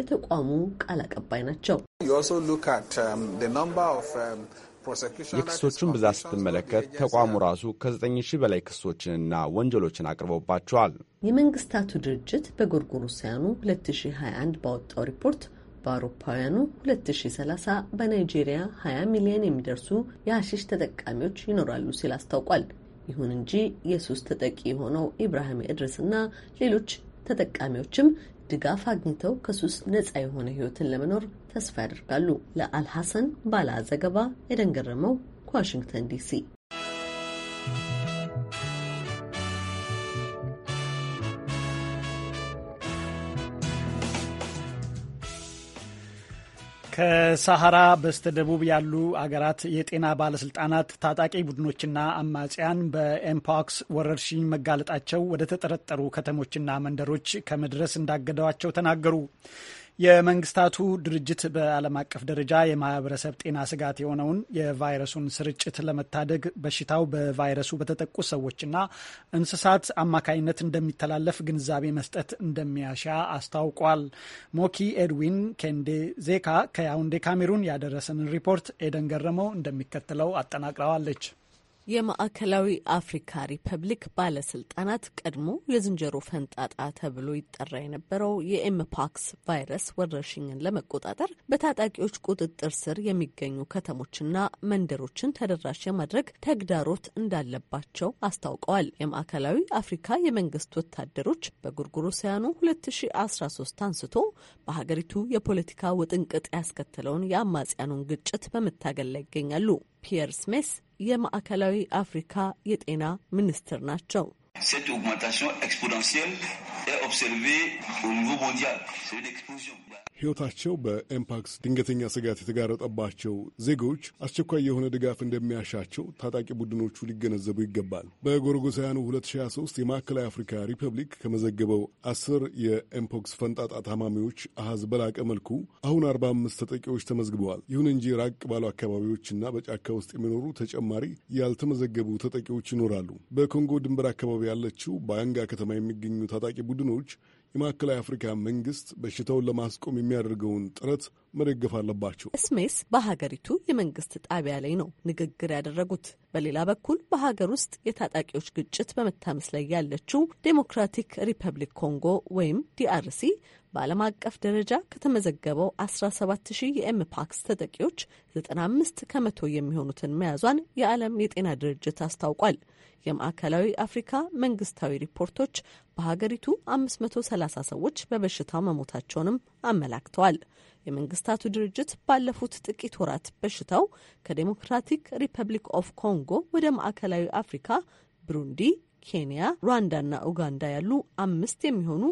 የተቋሙ ቃል አቀባይ ናቸው። um, um, የክሶቹን ብዛት ስትመለከት ተቋሙ ራሱ ከ9 ሺህ በላይ ክሶችንና ወንጀሎችን አቅርቦባቸዋል። የመንግስታቱ ድርጅት በጎርጎሮሳውያኑ 2021 ባወጣው ሪፖርት በአውሮፓውያኑ 2030 በናይጄሪያ 20 ሚሊዮን የሚደርሱ የሀሺሽ ተጠቃሚዎች ይኖራሉ ሲል አስታውቋል። ይሁን እንጂ የሱስ ተጠቂ የሆነው ኢብራሂም እድርስ እና ሌሎች ተጠቃሚዎችም ድጋፍ አግኝተው ከሱስ ነፃ የሆነ ሕይወትን ለመኖር ተስፋ ያደርጋሉ። ለአልሐሰን ባላ ዘገባ የደንገረመው ከዋሽንግተን ዲሲ ከሳሐራ በስተደቡብ ያሉ አገራት የጤና ባለስልጣናት ታጣቂ ቡድኖችና አማጽያን በኤምፖክስ ወረርሽኝ መጋለጣቸው ወደ ተጠረጠሩ ከተሞችና መንደሮች ከመድረስ እንዳገደዋቸው ተናገሩ። የመንግስታቱ ድርጅት በዓለም አቀፍ ደረጃ የማህበረሰብ ጤና ስጋት የሆነውን የቫይረሱን ስርጭት ለመታደግ በሽታው በቫይረሱ በተጠቁ ሰዎችና እንስሳት አማካኝነት እንደሚተላለፍ ግንዛቤ መስጠት እንደሚያሻ አስታውቋል። ሞኪ ኤድዊን ዜካ ከያውንዴ ካሜሩን ያደረሰንን ሪፖርት ኤደን ገረመው እንደሚከተለው አጠናቅረዋለች። የማዕከላዊ አፍሪካ ሪፐብሊክ ባለስልጣናት ቀድሞ የዝንጀሮ ፈንጣጣ ተብሎ ይጠራ የነበረው የኤምፓክስ ቫይረስ ወረርሽኝን ለመቆጣጠር በታጣቂዎች ቁጥጥር ስር የሚገኙ ከተሞችና መንደሮችን ተደራሽ የማድረግ ተግዳሮት እንዳለባቸው አስታውቀዋል። የማዕከላዊ አፍሪካ የመንግስት ወታደሮች በጎርጎሮሳውያኑ 2013 አንስቶ በሀገሪቱ የፖለቲካ ውጥንቅጥ ያስከተለውን የአማጽያኑን ግጭት በመታገል ላይ ይገኛሉ። ፒየር ስሜስ የማዕከላዊ አፍሪካ የጤና ሚኒስትር ናቸው። ሕይወታቸው በኤምፓክስ ድንገተኛ ስጋት የተጋረጠባቸው ዜጎች አስቸኳይ የሆነ ድጋፍ እንደሚያሻቸው ታጣቂ ቡድኖቹ ሊገነዘቡ ይገባል። በጎርጎሳውያኑ 2023 የማዕከላዊ አፍሪካ ሪፐብሊክ ከመዘገበው አስር የኤምፖክስ ፈንጣጣ ታማሚዎች አሃዝ በላቀ መልኩ አሁን 45 ተጠቂዎች ተመዝግበዋል። ይሁን እንጂ ራቅ ባሉ አካባቢዎችና በጫካ ውስጥ የሚኖሩ ተጨማሪ ያልተመዘገቡ ተጠቂዎች ይኖራሉ። በኮንጎ ድንበር አካባቢ ያለችው ባያንጋ ከተማ የሚገኙ ታጣቂ ቡድኖች የማዕከላዊ አፍሪካ መንግስት በሽታውን ለማስቆም የሚያደርገውን ጥረት መደገፍ አለባቸው። ስሜስ በሀገሪቱ የመንግስት ጣቢያ ላይ ነው ንግግር ያደረጉት። በሌላ በኩል በሀገር ውስጥ የታጣቂዎች ግጭት በመታመስ ላይ ያለችው ዴሞክራቲክ ሪፐብሊክ ኮንጎ ወይም ዲአርሲ በዓለም አቀፍ ደረጃ ከተመዘገበው 170 የኤምፓክስ ተጠቂዎች 95 ከመቶ የሚሆኑትን መያዟን የዓለም የጤና ድርጅት አስታውቋል። የማዕከላዊ አፍሪካ መንግስታዊ ሪፖርቶች በሀገሪቱ 530 ሰዎች በበሽታው መሞታቸውንም አመላክተዋል። የመንግስታቱ ድርጅት ባለፉት ጥቂት ወራት በሽታው ከዴሞክራቲክ ሪፐብሊክ ኦፍ ኮንጎ ወደ ማዕከላዊ አፍሪካ፣ ብሩንዲ፣ ኬንያ፣ ሩዋንዳና ኡጋንዳ ያሉ አምስት የሚሆኑ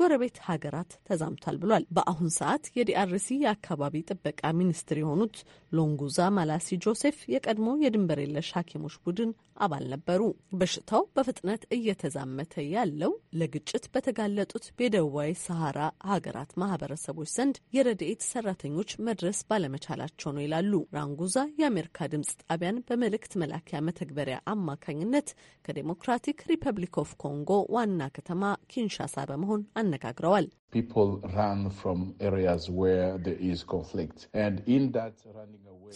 ጎረቤት ሀገራት ተዛምቷል ብሏል። በአሁን ሰዓት የዲአርሲ የአካባቢ ጥበቃ ሚኒስትር የሆኑት ሎንጉዛ ማላሲ ጆሴፍ የቀድሞ የድንበር የለሽ ሐኪሞች ቡድን አባል ነበሩ። በሽታው በፍጥነት እየተዛመተ ያለው ለግጭት በተጋለጡት የደቡባዊ ሰሐራ ሀገራት ማህበረሰቦች ዘንድ የረድኤት ሰራተኞች መድረስ ባለመቻላቸው ነው ይላሉ። ራንጉዛ የአሜሪካ ድምጽ ጣቢያን በመልእክት መላኪያ መተግበሪያ አማካኝነት ከዴሞክራቲክ ሪፐብሊክ ኦፍ ኮንጎ ዋና ከተማ ኪንሻሳ በመሆን አነጋግረዋል።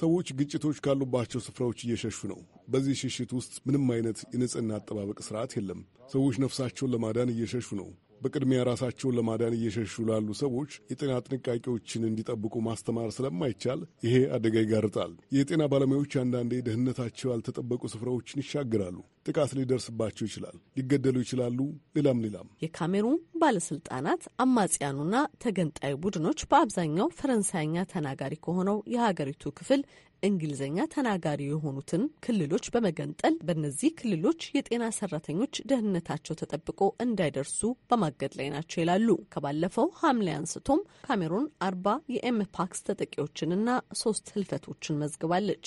ሰዎች ግጭቶች ካሉባቸው ስፍራዎች እየሸሹ ነው። በዚህ ሽሽት ውስጥ ምንም አይነት የንጽህና አጠባበቅ ስርዓት የለም። ሰዎች ነፍሳቸውን ለማዳን እየሸሹ ነው። በቅድሚያ ራሳቸውን ለማዳን እየሸሹ ላሉ ሰዎች የጤና ጥንቃቄዎችን እንዲጠብቁ ማስተማር ስለማይቻል ይሄ አደጋ ይጋርጣል። የጤና ባለሙያዎች አንዳንዴ ደህንነታቸው ያልተጠበቁ ስፍራዎችን ይሻግራሉ። ጥቃት ሊደርስባቸው ይችላል፣ ሊገደሉ ይችላሉ፣ ሌላም ሌላም። የካሜሩን ባለስልጣናት አማጽያኑና ተገንጣይ ቡድኖች በአብዛኛው ፈረንሳይኛ ተናጋሪ ከሆነው የሀገሪቱ ክፍል እንግሊዝኛ ተናጋሪ የሆኑትን ክልሎች በመገንጠል በእነዚህ ክልሎች የጤና ሰራተኞች ደህንነታቸው ተጠብቆ እንዳይደርሱ በማገድ ላይ ናቸው ይላሉ። ከባለፈው ሐምሌ አንስቶም ካሜሩን አርባ የኤምፓክስ ተጠቂዎችንና ሶስት ህልፈቶችን መዝግባለች።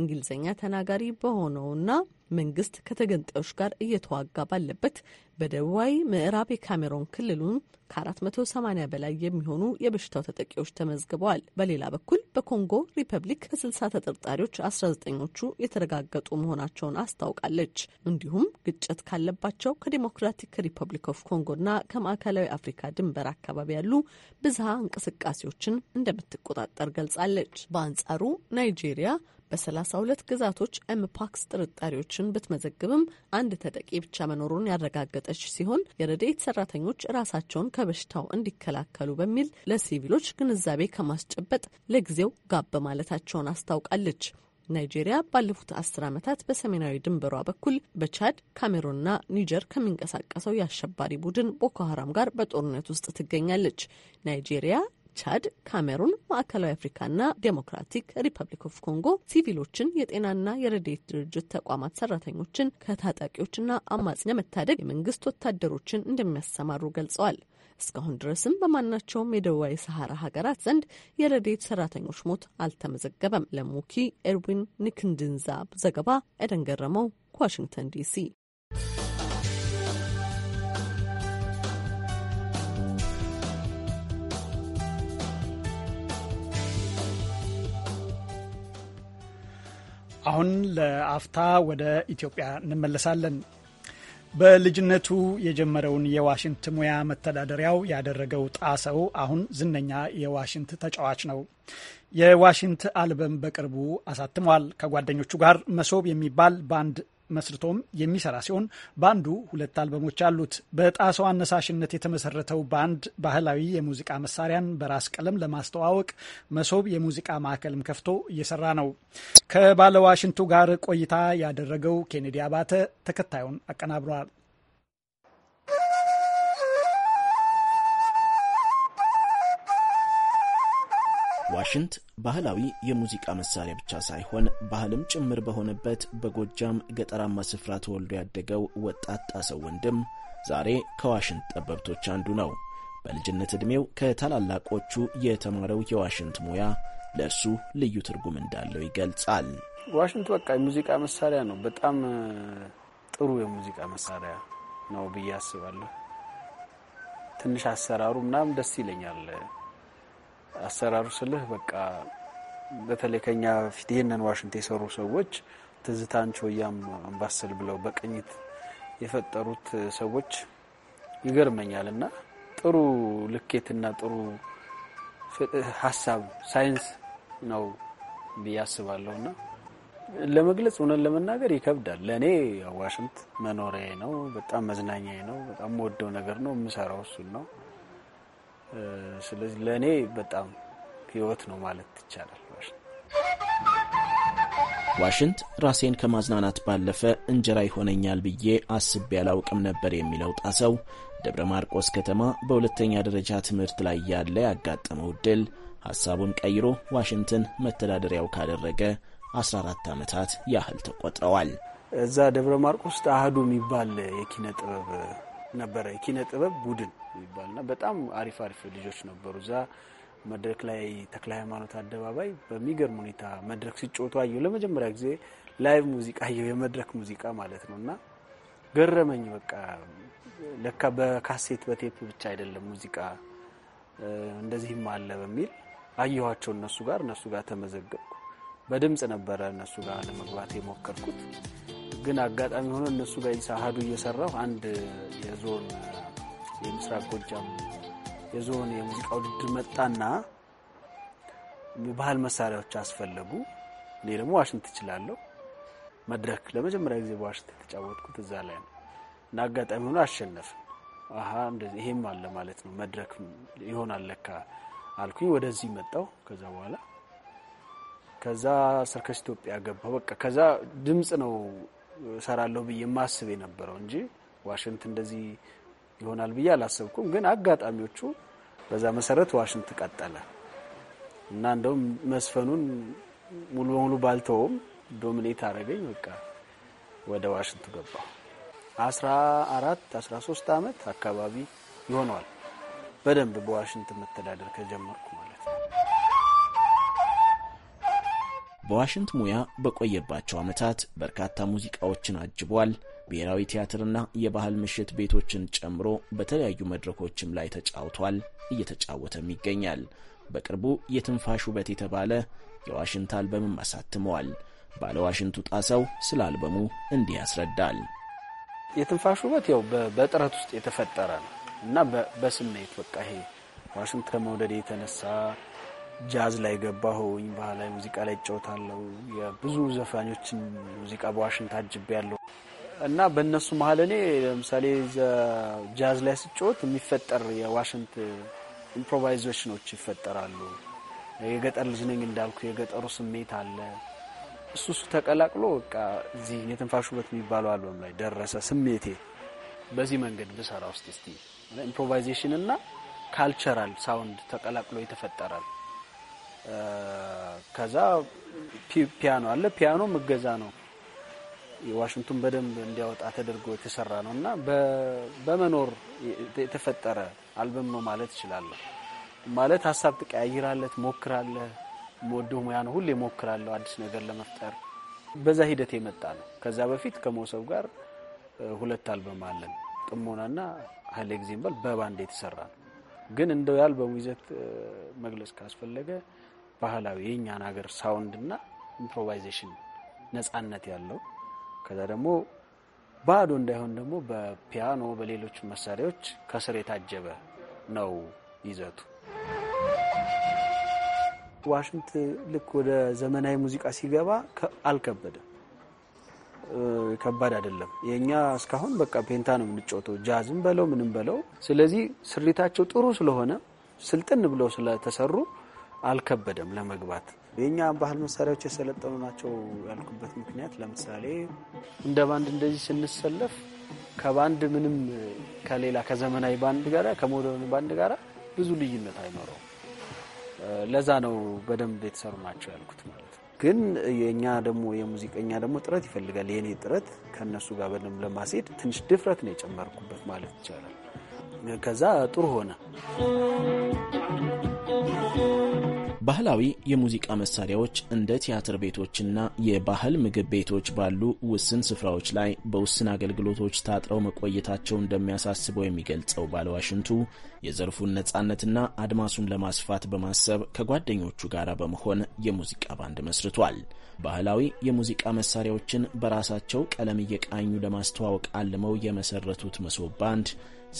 እንግሊዝኛ ተናጋሪ በሆነውና መንግስት ከተገንጣዮች ጋር እየተዋጋ ባለበት በደቡባዊ ምዕራብ የካሜሮን ክልሉን ከ480 በላይ የሚሆኑ የበሽታው ተጠቂዎች ተመዝግበዋል። በሌላ በኩል በኮንጎ ሪፐብሊክ ከ60 ተጠርጣሪዎች 19ኞቹ የተረጋገጡ መሆናቸውን አስታውቃለች። እንዲሁም ግጭት ካለባቸው ከዲሞክራቲክ ሪፐብሊክ ኦፍ ኮንጎና ከማዕከላዊ አፍሪካ ድንበር አካባቢ ያሉ ብዝሃ እንቅስቃሴዎችን እንደምትቆጣጠር ገልጻለች። በአንጻሩ ናይጄሪያ በ32 ግዛቶች ኤምፓክስ ጥርጣሬዎችን ብትመዘግብም አንድ ተጠቂ ብቻ መኖሩን ያረጋገጠች ሲሆን የረድኤት ሰራተኞች ራሳቸውን ከበሽታው እንዲከላከሉ በሚል ለሲቪሎች ግንዛቤ ከማስጨበጥ ለጊዜው ጋብ ማለታቸውን አስታውቃለች። ናይጄሪያ ባለፉት አስር ዓመታት በሰሜናዊ ድንበሯ በኩል በቻድ ካሜሩንና ኒጀር ከሚንቀሳቀሰው የአሸባሪ ቡድን ቦኮ ሀራም ጋር በጦርነት ውስጥ ትገኛለች። ናይጄሪያ ቻድ፣ ካሜሩን፣ ማዕከላዊ አፍሪካና ዴሞክራቲክ ሪፐብሊክ ኦፍ ኮንጎ ሲቪሎችን፣ የጤናና የረድኤት ድርጅት ተቋማት ሰራተኞችን ከታጣቂዎችና አማጽኛ ለመታደግ የመንግስት ወታደሮችን እንደሚያሰማሩ ገልጸዋል። እስካሁን ድረስም በማናቸውም የደቡባዊ ሰሐራ ሀገራት ዘንድ የረድኤት ሰራተኞች ሞት አልተመዘገበም። ለሙኪ ኤርዊን ንክንድንዛ ዘገባ ኤደን ገረመው ከዋሽንግተን ዲሲ አሁን ለአፍታ ወደ ኢትዮጵያ እንመለሳለን። በልጅነቱ የጀመረውን የዋሽንት ሙያ መተዳደሪያው ያደረገው ጣሰው አሁን ዝነኛ የዋሽንት ተጫዋች ነው። የዋሽንት አልበም በቅርቡ አሳትሟል። ከጓደኞቹ ጋር መሶብ የሚባል ባንድ መስርቶም የሚሰራ ሲሆን ባንዱ ሁለት አልበሞች አሉት። በጣሰው አነሳሽነት የተመሰረተው ባንድ ባህላዊ የሙዚቃ መሳሪያን በራስ ቀለም ለማስተዋወቅ መሶብ የሙዚቃ ማዕከልም ከፍቶ እየሰራ ነው። ከባለዋሽንቱ ጋር ቆይታ ያደረገው ኬኔዲ አባተ ተከታዩን አቀናብሯል። ዋሽንት ባህላዊ የሙዚቃ መሳሪያ ብቻ ሳይሆን ባህልም ጭምር በሆነበት በጎጃም ገጠራማ ስፍራ ተወልዶ ያደገው ወጣት ጣሰው ወንድም ዛሬ ከዋሽንት ጠበብቶች አንዱ ነው። በልጅነት ዕድሜው ከታላላቆቹ የተማረው የዋሽንት ሙያ ለእርሱ ልዩ ትርጉም እንዳለው ይገልጻል። ዋሽንት በቃ የሙዚቃ መሳሪያ ነው። በጣም ጥሩ የሙዚቃ መሳሪያ ነው ብዬ አስባለሁ። ትንሽ አሰራሩ ምናምን ደስ ይለኛል። አሰራሩ ስልህ በቃ በተለይ ከኛ ፊት ይህንን ዋሽንት የሰሩ ሰዎች ትዝታን፣ ቾያም፣ አምባሰል ብለው በቅኝት የፈጠሩት ሰዎች ይገርመኛል እና ጥሩ ልኬትና ጥሩ ሀሳብ ሳይንስ ነው ብዬ አስባለሁ እና ለመግለጽ እውነት ለመናገር ይከብዳል። ለእኔ ዋሽንት መኖሪያዬ ነው። በጣም መዝናኛዬ ነው። በጣም ወደው ነገር ነው። የምሰራው እሱን ነው። ስለዚህ ለእኔ በጣም ህይወት ነው ማለት ይቻላል። ዋሽንት ራሴን ከማዝናናት ባለፈ እንጀራ ይሆነኛል ብዬ አስቤ ያላውቅም ነበር የሚለው ጣሰው ደብረ ማርቆስ ከተማ በሁለተኛ ደረጃ ትምህርት ላይ ያለ ያጋጠመው ድል ሀሳቡን ቀይሮ ዋሽንትን መተዳደሪያው ካደረገ 14 ዓመታት ያህል ተቆጥረዋል። እዛ ደብረ ማርቆስ ውስጥ አህዱ የሚባል የኪነ ጥበብ ነበረ። የኪነ ጥበብ ቡድን ይባልና በጣም አሪፍ አሪፍ ልጆች ነበሩ እዛ መድረክ ላይ ተክለ ሃይማኖት አደባባይ በሚገርም ሁኔታ መድረክ ሲጫወቱ አየሁ። ለመጀመሪያ ጊዜ ላይቭ ሙዚቃ አየሁ፣ የመድረክ ሙዚቃ ማለት ነው። እና ገረመኝ። በቃ ለካ በካሴት በቴፕ ብቻ አይደለም ሙዚቃ እንደዚህም አለ በሚል አየኋቸው እነሱ ጋር እነሱ ጋር ተመዘገብኩ። በድምፅ ነበረ እነሱ ጋር ለመግባት የሞከርኩት ግን አጋጣሚ ሆኖ እነሱ ጋር አህዱ እየሰራሁ አንድ የዞን የምስራቅ ጎጃም የዞን የሙዚቃ ውድድር መጣና ባህል መሳሪያዎች አስፈለጉ። እኔ ደግሞ ዋሽንት እችላለሁ። መድረክ ለመጀመሪያ ጊዜ በዋሽንት የተጫወትኩት እዛ ላይ ነው እና አጋጣሚ ሆኖ አሸነፍ ይሄም አለ ማለት ነው መድረክ ይሆናል ለካ አልኩኝ። ወደዚህ መጣው። ከዛ በኋላ ከዛ ሰርከስ ኢትዮጵያ ገባሁ። በቃ ከዛ ድምፅ ነው ሰራለሁ ብዬ ማስብ የነበረው እንጂ ዋሽንት እንደዚህ ይሆናል ብዬ አላሰብኩም። ግን አጋጣሚዎቹ በዛ መሰረት ዋሽንት ቀጠለ እና እንደውም መስፈኑን ሙሉ በሙሉ ባልተውም ዶሚኔት አረገኝ። በቃ ወደ ዋሽንት ገባሁ። አስራ አራት አስራ ሶስት አመት አካባቢ ይሆነዋል በደንብ በዋሽንት መተዳደር ከጀመርኩ ማለት በዋሽንት ሙያ በቆየባቸው ዓመታት በርካታ ሙዚቃዎችን አጅቧል። ብሔራዊ ቲያትርና የባህል ምሽት ቤቶችን ጨምሮ በተለያዩ መድረኮችም ላይ ተጫውቷል፣ እየተጫወተም ይገኛል። በቅርቡ የትንፋሽ ውበት የተባለ የዋሽንት አልበምም አሳትመዋል። ባለ ዋሽንቱ ጣሰው ስለ አልበሙ እንዲህ ያስረዳል። የትንፋሽ ውበት ያው በጥረት ውስጥ የተፈጠረ ነው እና በስሜት በቃ ይሄ ዋሽንት ከመውደድ የተነሳ ጃዝ ላይ ገባሁኝ፣ ባህላዊ ሙዚቃ ላይ እጫወታለሁ። የብዙ ዘፋኞችን ሙዚቃ በዋሽንት አጅቤ ያለሁ እና በእነሱ መሀል እኔ ለምሳሌ ጃዝ ላይ ስጫወት የሚፈጠር የዋሽንት ኢምፕሮቫይዜሽኖች ይፈጠራሉ። የገጠር ልጅ ነኝ እንዳልኩ የገጠሩ ስሜት አለ። እሱ እሱ ተቀላቅሎ በቃ እዚህ የትንፋሽ ውበት የሚባለው አልበም ላይ ደረሰ ስሜቴ። በዚህ መንገድ ብሰራ ውስጥ እስቲ ኢምፕሮቫይዜሽን እና ካልቸራል ሳውንድ ተቀላቅሎ የተፈጠራል ከዛ ፒያኖ አለ። ፒያኖ እገዛ ነው ዋሽንቱን በደንብ እንዲያወጣ ተደርጎ የተሰራ ነው እና በመኖር የተፈጠረ አልበም ነው ማለት እችላለሁ። ማለት ሀሳብ ትቀያይራለህ፣ ትሞክራለህ። የምወደው ሙያ ነው፣ ሁሌ እሞክራለሁ አዲስ ነገር ለመፍጠር። በዛ ሂደት የመጣ ነው። ከዛ በፊት ከመውሰብ ጋር ሁለት አልበም አለን። ጥሞናና ሀይሌ ጊዜም በባንድ የተሰራ ነው። ግን እንደው የአልበሙ ይዘት መግለጽ ካስፈለገ ባህላዊ የእኛን ሀገር ሳውንድ እና ኢምፕሮቫይዜሽን ነጻነት ያለው ከዛ ደግሞ ባዶ እንዳይሆን ደግሞ በፒያኖ በሌሎች መሳሪያዎች ከስር የታጀበ ነው ይዘቱ። ዋሽንት ልክ ወደ ዘመናዊ ሙዚቃ ሲገባ አልከበደም፣ ከባድ አይደለም። የእኛ እስካሁን በቃ ፔንታ ነው የምንጫወተው፣ ጃዝም በለው ምንም በለው። ስለዚህ ስሪታቸው ጥሩ ስለሆነ ስልጥን ብለው ስለተሰሩ አልከበደም ለመግባት። የእኛ ባህል መሳሪያዎች የሰለጠኑ ናቸው ያልኩበት ምክንያት ለምሳሌ እንደ ባንድ እንደዚህ ስንሰለፍ ከባንድ ምንም ከሌላ ከዘመናዊ ባንድ ጋር ከሞደርን ባንድ ጋር ብዙ ልዩነት አይኖረው። ለዛ ነው በደንብ የተሰሩ ናቸው ያልኩት ማለት ነው። ግን የእኛ ደግሞ የሙዚቀኛ ደግሞ ጥረት ይፈልጋል። የእኔ ጥረት ከእነሱ ጋር በደንብ ለማስሄድ ትንሽ ድፍረት ነው የጨመርኩበት ማለት ይቻላል። ከዛ ጥሩ ሆነ። ባህላዊ የሙዚቃ መሳሪያዎች እንደ ቲያትር ቤቶችና የባህል ምግብ ቤቶች ባሉ ውስን ስፍራዎች ላይ በውስን አገልግሎቶች ታጥረው መቆየታቸው እንደሚያሳስበው የሚገልጸው ባለዋሽንቱ የዘርፉን ነጻነትና አድማሱን ለማስፋት በማሰብ ከጓደኞቹ ጋር በመሆን የሙዚቃ ባንድ መስርቷል። ባህላዊ የሙዚቃ መሳሪያዎችን በራሳቸው ቀለም እየቃኙ ለማስተዋወቅ አልመው የመሰረቱት መሶብ ባንድ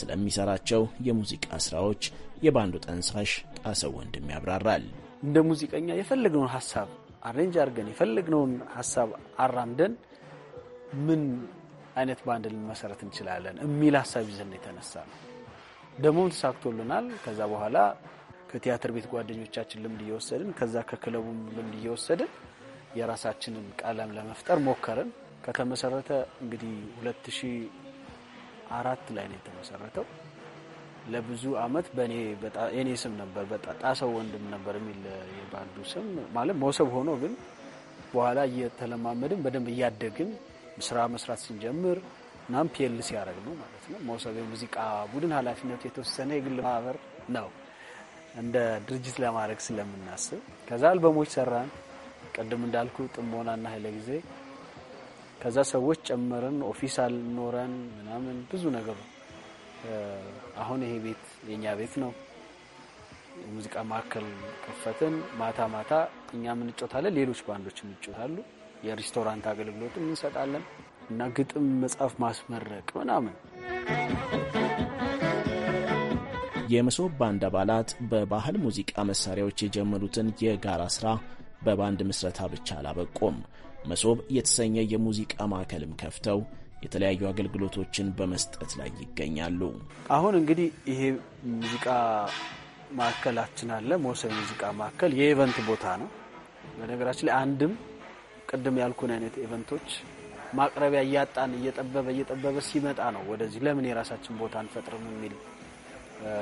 ስለሚሰራቸው የሙዚቃ ስራዎች የባንዱ ጠንሳሽ ጣሰው ወንድም ያብራራል። እንደ ሙዚቀኛ የፈለግነውን ሀሳብ አሬንጅ አድርገን የፈለግነውን ሀሳብ አራምደን ምን አይነት ባንድ ልንመሰረት እንችላለን የሚል ሀሳብ ይዘን የተነሳ ነው። ደግሞም ተሳክቶልናል። ከዛ በኋላ ከቲያትር ቤት ጓደኞቻችን ልምድ እየወሰድን ከዛ ከክለቡም ልምድ እየወሰድን የራሳችንን ቀለም ለመፍጠር ሞከርን። ከተመሰረተ እንግዲህ 2 አራት ላይ ነው የተመሰረተው። ለብዙ አመት በእኔ የኔ ስም ነበር። ጣሰው ወንድም ነበር የሚል የባንዱ ስም ማለት መውሰብ ሆኖ ግን በኋላ እየተለማመድን በደንብ እያደግን ስራ መስራት ስንጀምር ናም ፒኤል ሲያደርግ ነው ማለት ነው። መውሰብ የሙዚቃ ቡድን ኃላፊነቱ የተወሰነ የግል ማህበር ነው እንደ ድርጅት ለማድረግ ስለምናስብ ከዛ አልበሞች ሰራን። ቅድም እንዳልኩ ጥሞናና ኃይለ ጊዜ ከዛ ሰዎች ጨመረን፣ ኦፊስ አልኖረን ምናምን ብዙ ነገር ነው አሁን ይሄ ቤት የእኛ ቤት ነው። የሙዚቃ ማዕከል ከፈትን። ማታ ማታ እኛ እንጮታለን፣ ሌሎች ባንዶች እንጮታሉ። የሬስቶራንት አገልግሎትም እንሰጣለን እና ግጥም መጻፍ ማስመረቅ ምናምን የመሶብ ባንድ አባላት በባህል ሙዚቃ መሳሪያዎች የጀመሩትን የጋራ ስራ በባንድ ምስረታ ብቻ አላበቆም። መሶብ የተሰኘ የሙዚቃ ማዕከልም ከፍተው የተለያዩ አገልግሎቶችን በመስጠት ላይ ይገኛሉ። አሁን እንግዲህ ይሄ ሙዚቃ ማዕከላችን አለ፣ ሞሰብ ሙዚቃ ማዕከል የኢቨንት ቦታ ነው። በነገራችን ላይ አንድም ቅድም ያልኩን አይነት ኢቨንቶች ማቅረቢያ እያጣን እየጠበበ እየጠበበ ሲመጣ ነው ወደዚህ ለምን የራሳችን ቦታ አንፈጥርም የሚል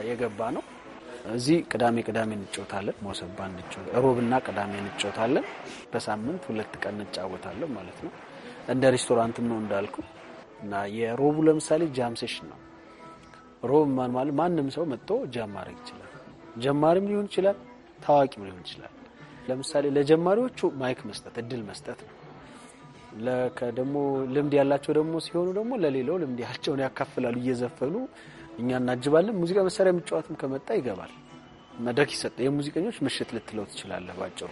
የገባ ነው። እዚህ ቅዳሜ ቅዳሜ እንጫወታለን። መውሰባ ሮብና ቅዳሜ እንጫወታለን። በሳምንት ሁለት ቀን እንጫወታለን ማለት ነው። እንደ ሬስቶራንትም ነው እንዳልኩ እና የሮቡ ለምሳሌ ጃም ሴሽን ነው። ሮብ ማለት ማንም ሰው መጥቶ ጃም ማድረግ ይችላል። ጀማሪም ሊሆን ይችላል፣ ታዋቂም ሊሆን ይችላል። ለምሳሌ ለጀማሪዎቹ ማይክ መስጠት እድል መስጠት ነው። ደግሞ ልምድ ያላቸው ደግሞ ሲሆኑ ደግሞ ለሌላው ልምድ ያቸውን ያካፍላሉ። እየዘፈኑ እኛ እናጅባለን። ሙዚቃ መሳሪያ የሚጫወትም ከመጣ ይገባል። መድረክ ይሰጥ። የሙዚቀኞች ምሽት ልትለው ትችላለህ ባጭሩ።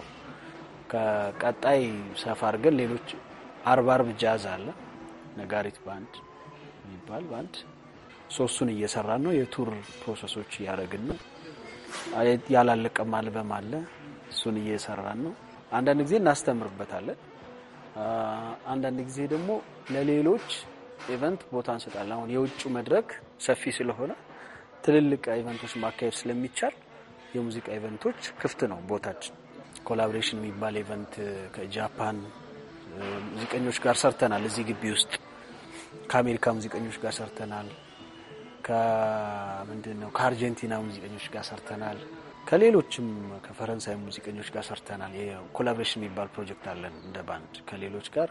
ከቀጣይ ሰፋ አድርገን ሌሎች አርብ አርብ ጃዝ አለ ነጋሪት ባንድ የሚባል ባንድ ሶስቱን እየሰራን ነው። የቱር ፕሮሰሶች እያደረግን ነው። ያላለቀም አልበም አለ። እሱን እየሰራን ነው። አንዳንድ ጊዜ እናስተምርበታለን። አንዳንድ ጊዜ ደግሞ ለሌሎች ኢቨንት ቦታ እንሰጣለን። አሁን የውጭ መድረክ ሰፊ ስለሆነ ትልልቅ ኢቨንቶች ማካሄድ ስለሚቻል የሙዚቃ ኢቨንቶች ክፍት ነው ቦታችን። ኮላቦሬሽን የሚባል ኢቨንት ከጃፓን ሙዚቀኞች ጋር ሰርተናል እዚህ ግቢ ውስጥ ከአሜሪካ ሙዚቀኞች ጋር ሰርተናል። ከምንድን ነው ከአርጀንቲና ሙዚቀኞች ጋር ሰርተናል። ከሌሎችም ከፈረንሳይ ሙዚቀኞች ጋር ሰርተናል። ኮላቦሬሽን የሚባል ፕሮጀክት አለን እንደ ባንድ ከሌሎች ጋር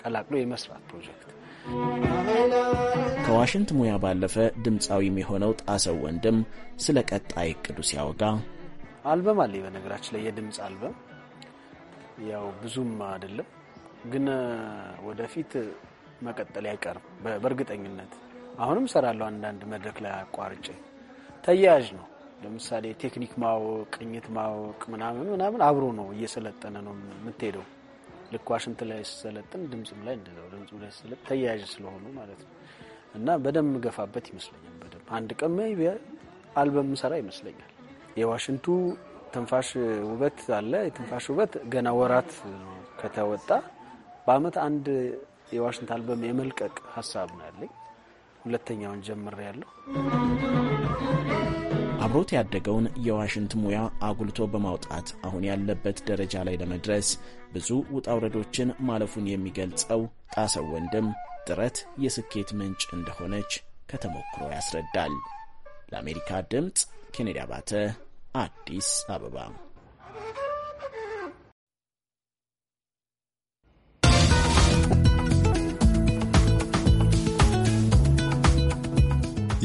ቀላቅሎ የመስራት ፕሮጀክት። ከዋሽንት ሙያ ባለፈ ድምፃዊም የሆነው ጣሰው ወንድም ስለ ቀጣይ እቅዱ ሲያወጋ አልበም አለ። በነገራችን ላይ የድምፅ አልበም ያው ብዙም አይደለም ግን ወደፊት መቀጠል አይቀርም በእርግጠኝነት። አሁንም እሰራለሁ አንዳንድ መድረክ ላይ አቋርጬ ተያያዥ ነው። ለምሳሌ ቴክኒክ ማወቅ፣ ቅኝት ማወቅ ምናምን ምናምን አብሮ ነው እየሰለጠነ ነው የምትሄደው። ልክ ዋሽንት ላይ ስሰለጥን ድምፅም ላይ እንደዛው ድምፅ ላይ ሲሰለጥ ተያያዥ ስለሆኑ ማለት ነው እና በደንብ የምገፋበት ይመስለኛል። በደንብ አንድ ቀን አልበም ሰራ ይመስለኛል። የዋሽንቱ ትንፋሽ ውበት አለ። የትንፋሽ ውበት ገና ወራት ከተወጣ በአመት አንድ የዋሽንት አልበም የመልቀቅ ሀሳብ ነው ያለኝ። ሁለተኛውን ጀምር ያለው አብሮት ያደገውን የዋሽንት ሙያ አጉልቶ በማውጣት አሁን ያለበት ደረጃ ላይ ለመድረስ ብዙ ውጣ ውረዶችን ማለፉን የሚገልጸው ጣሰው ወንድም ጥረት የስኬት ምንጭ እንደሆነች ከተሞክሮ ያስረዳል። ለአሜሪካ ድምፅ ኬኔዲ አባተ አዲስ አበባ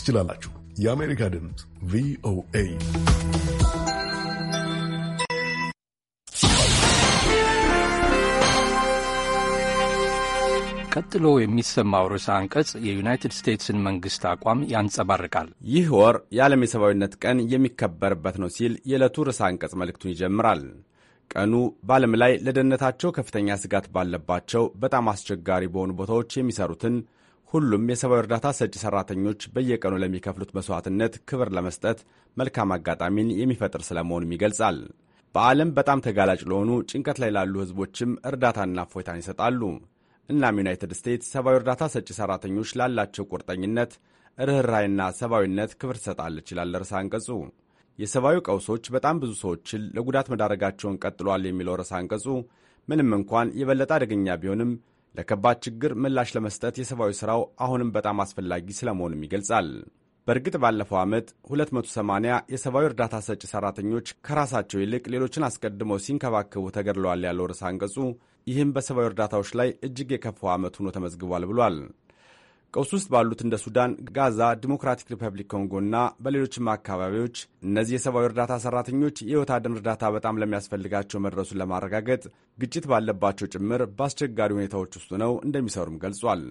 ትችላላችሁ። የአሜሪካ ድምፅ ቪኦኤ ቀጥሎ የሚሰማው ርዕሰ አንቀጽ የዩናይትድ ስቴትስን መንግሥት አቋም ያንጸባርቃል። ይህ ወር የዓለም የሰብአዊነት ቀን የሚከበርበት ነው ሲል የዕለቱ ርዕሰ አንቀጽ መልእክቱን ይጀምራል። ቀኑ በዓለም ላይ ለደህንነታቸው ከፍተኛ ስጋት ባለባቸው በጣም አስቸጋሪ በሆኑ ቦታዎች የሚሰሩትን ሁሉም የሰብአዊ እርዳታ ሰጪ ሰራተኞች በየቀኑ ለሚከፍሉት መስዋዕትነት ክብር ለመስጠት መልካም አጋጣሚን የሚፈጥር ስለመሆኑም ይገልጻል። በዓለም በጣም ተጋላጭ ለሆኑ ጭንቀት ላይ ላሉ ሕዝቦችም እርዳታና እፎይታን ይሰጣሉ። እናም ዩናይትድ ስቴትስ ሰብአዊ እርዳታ ሰጪ ሰራተኞች ላላቸው ቁርጠኝነት፣ ርኅራይና ሰብአዊነት ክብር ትሰጣለች ይላል ርዕሰ አንቀጹ። የሰብአዊ ቀውሶች በጣም ብዙ ሰዎችን ለጉዳት መዳረጋቸውን ቀጥሏል የሚለው ርዕሰ አንቀጹ ምንም እንኳን የበለጠ አደገኛ ቢሆንም ለከባድ ችግር ምላሽ ለመስጠት የሰብአዊ ሥራው አሁንም በጣም አስፈላጊ ስለመሆኑም ይገልጻል። በእርግጥ ባለፈው ዓመት 280 የሰብአዊ እርዳታ ሰጪ ሠራተኞች ከራሳቸው ይልቅ ሌሎችን አስቀድመው ሲንከባከቡ ተገድለዋል ያለው ርዕሰ አንቀጹ፣ ይህም በሰብአዊ እርዳታዎች ላይ እጅግ የከፋው ዓመት ሆኖ ተመዝግቧል ብሏል። ቀውስ ውስጥ ባሉት እንደ ሱዳን፣ ጋዛ፣ ዲሞክራቲክ ሪፐብሊክ ኮንጎ እና በሌሎችም አካባቢዎች እነዚህ የሰብአዊ እርዳታ ሰራተኞች የህይወት አድን እርዳታ በጣም ለሚያስፈልጋቸው መድረሱን ለማረጋገጥ ግጭት ባለባቸው ጭምር በአስቸጋሪ ሁኔታዎች ውስጥ ነው እንደሚሰሩም ገልጿል።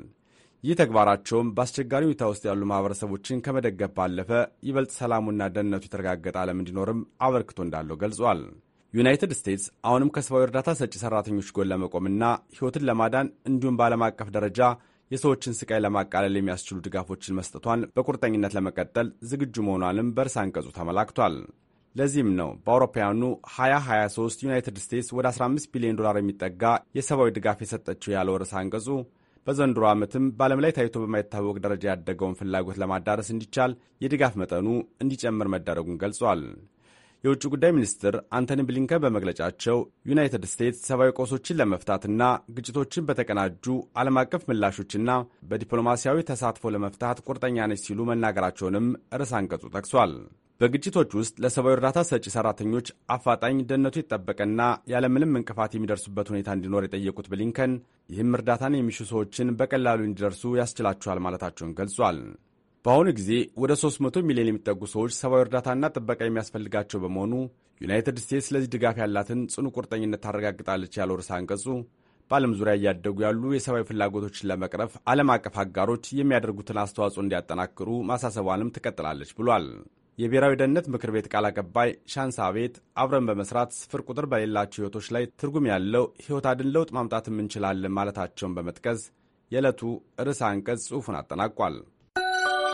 ይህ ተግባራቸውም በአስቸጋሪ ሁኔታ ውስጥ ያሉ ማህበረሰቦችን ከመደገፍ ባለፈ ይበልጥ ሰላሙና ደህንነቱ የተረጋገጠ ዓለም እንዲኖርም አበርክቶ እንዳለው ገልጿል። ዩናይትድ ስቴትስ አሁንም ከሰብአዊ እርዳታ ሰጪ ሰራተኞች ጎን ለመቆምና ህይወትን ለማዳን እንዲሁም በዓለም አቀፍ ደረጃ የሰዎችን ስቃይ ለማቃለል የሚያስችሉ ድጋፎችን መስጠቷን በቁርጠኝነት ለመቀጠል ዝግጁ መሆኗንም በእርስ አንቀጹ ተመላክቷል። ለዚህም ነው በአውሮፓውያኑ 2023 ዩናይትድ ስቴትስ ወደ 15 ቢሊዮን ዶላር የሚጠጋ የሰብአዊ ድጋፍ የሰጠችው ያለው ርዕሰ አንቀጹ በዘንድሮ ዓመትም በዓለም ላይ ታይቶ በማይታወቅ ደረጃ ያደገውን ፍላጎት ለማዳረስ እንዲቻል የድጋፍ መጠኑ እንዲጨምር መደረጉን ገልጿል። የውጭ ጉዳይ ሚኒስትር አንቶኒ ብሊንከን በመግለጫቸው ዩናይትድ ስቴትስ ሰብአዊ ቀውሶችን ለመፍታትና ግጭቶችን በተቀናጁ ዓለም አቀፍ ምላሾችና በዲፕሎማሲያዊ ተሳትፎ ለመፍታት ቁርጠኛ ነች ሲሉ መናገራቸውንም ርዕስ አንቀጹ ጠቅሷል። በግጭቶች ውስጥ ለሰብአዊ እርዳታ ሰጪ ሰራተኞች አፋጣኝ ደህንነቱ የጠበቀና ያለምንም እንቅፋት የሚደርሱበት ሁኔታ እንዲኖር የጠየቁት ብሊንከን ይህም እርዳታን የሚሹ ሰዎችን በቀላሉ እንዲደርሱ ያስችላቸዋል ማለታቸውን ገልጿል። በአሁኑ ጊዜ ወደ 300 ሚሊዮን የሚጠጉ ሰዎች ሰብአዊ እርዳታና ጥበቃ የሚያስፈልጋቸው በመሆኑ ዩናይትድ ስቴትስ ለዚህ ድጋፍ ያላትን ጽኑ ቁርጠኝነት ታረጋግጣለች ያለው ርዕሰ አንቀጹ በዓለም ዙሪያ እያደጉ ያሉ የሰብአዊ ፍላጎቶችን ለመቅረፍ ዓለም አቀፍ አጋሮች የሚያደርጉትን አስተዋጽኦ እንዲያጠናክሩ ማሳሰቧንም ትቀጥላለች ብሏል። የብሔራዊ ደህንነት ምክር ቤት ቃል አቀባይ ሻንሳ ቤት አብረን በመስራት ስፍር ቁጥር በሌላቸው ሕይወቶች ላይ ትርጉም ያለው ሕይወት አድን ለውጥ ማምጣትም እንችላለን ማለታቸውን በመጥቀስ የዕለቱ ርዕሰ አንቀጽ ጽሑፉን አጠናቋል።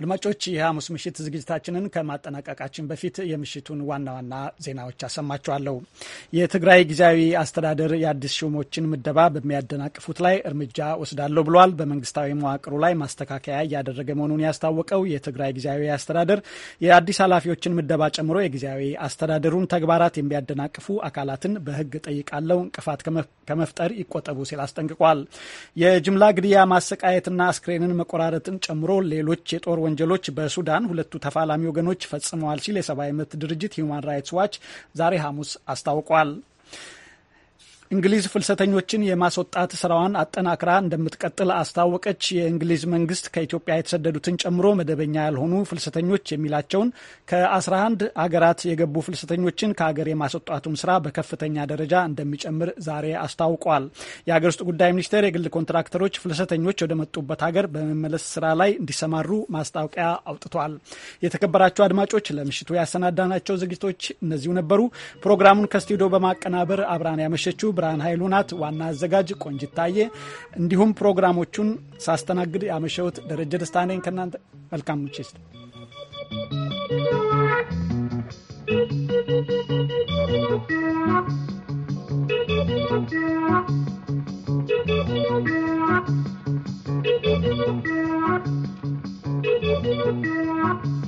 አድማጮች ይህ ምሽት ዝግጅታችንን ከማጠናቀቃችን በፊት የምሽቱን ዋና ዋና ዜናዎች አሰማችኋለሁ። የትግራይ ጊዜያዊ አስተዳደር የአዲስ ሹሞችን ምደባ በሚያደናቅፉት ላይ እርምጃ ወስዳለሁ ብሏል። በመንግስታዊ መዋቅሩ ላይ ማስተካከያ እያደረገ መሆኑን ያስታወቀው የትግራይ ጊዜያዊ አስተዳደር የአዲስ ኃላፊዎችን ምደባ ጨምሮ የጊዜያዊ አስተዳደሩን ተግባራት የሚያደናቅፉ አካላትን በህግ ጠይቃለው እንቅፋት ከመፍጠር ይቆጠቡ ሲል አስጠንቅቋል። የጅምላ ግድያ ማሰቃየትና አስክሬንን መቆራረጥን ጨምሮ ሌሎች የጦር ወንጀሎች በሱዳን ሁለቱ ተፋላሚ ወገኖች ፈጽመዋል ሲል የሰብአዊ መብት ድርጅት ሂውማን ራይትስ ዋች ዛሬ ሐሙስ አስታውቋል። እንግሊዝ ፍልሰተኞችን የማስወጣት ስራዋን አጠናክራ እንደምትቀጥል አስታወቀች። የእንግሊዝ መንግስት ከኢትዮጵያ የተሰደዱትን ጨምሮ መደበኛ ያልሆኑ ፍልሰተኞች የሚላቸውን ከ11 አገራት የገቡ ፍልሰተኞችን ከሀገር የማስወጣቱን ስራ በከፍተኛ ደረጃ እንደሚጨምር ዛሬ አስታውቋል። የሀገር ውስጥ ጉዳይ ሚኒስቴር የግል ኮንትራክተሮች ፍልሰተኞች ወደ መጡበት ሀገር በመመለስ ስራ ላይ እንዲሰማሩ ማስታወቂያ አውጥቷል። የተከበራቸው አድማጮች ለምሽቱ ያሰናዳናቸው ዝግጅቶች እነዚሁ ነበሩ። ፕሮግራሙን ከስቱዲዮ በማቀናበር አብራን ያመሸችው ብርሃን ኃይሉ ናት። ዋና አዘጋጅ ቆንጅታዬ፣ እንዲሁም ፕሮግራሞቹን ሳስተናግድ ያመሸሁት ደረጀ ደስታ ነኝ። ከእናንተ መልካም ምሽት። Thank you.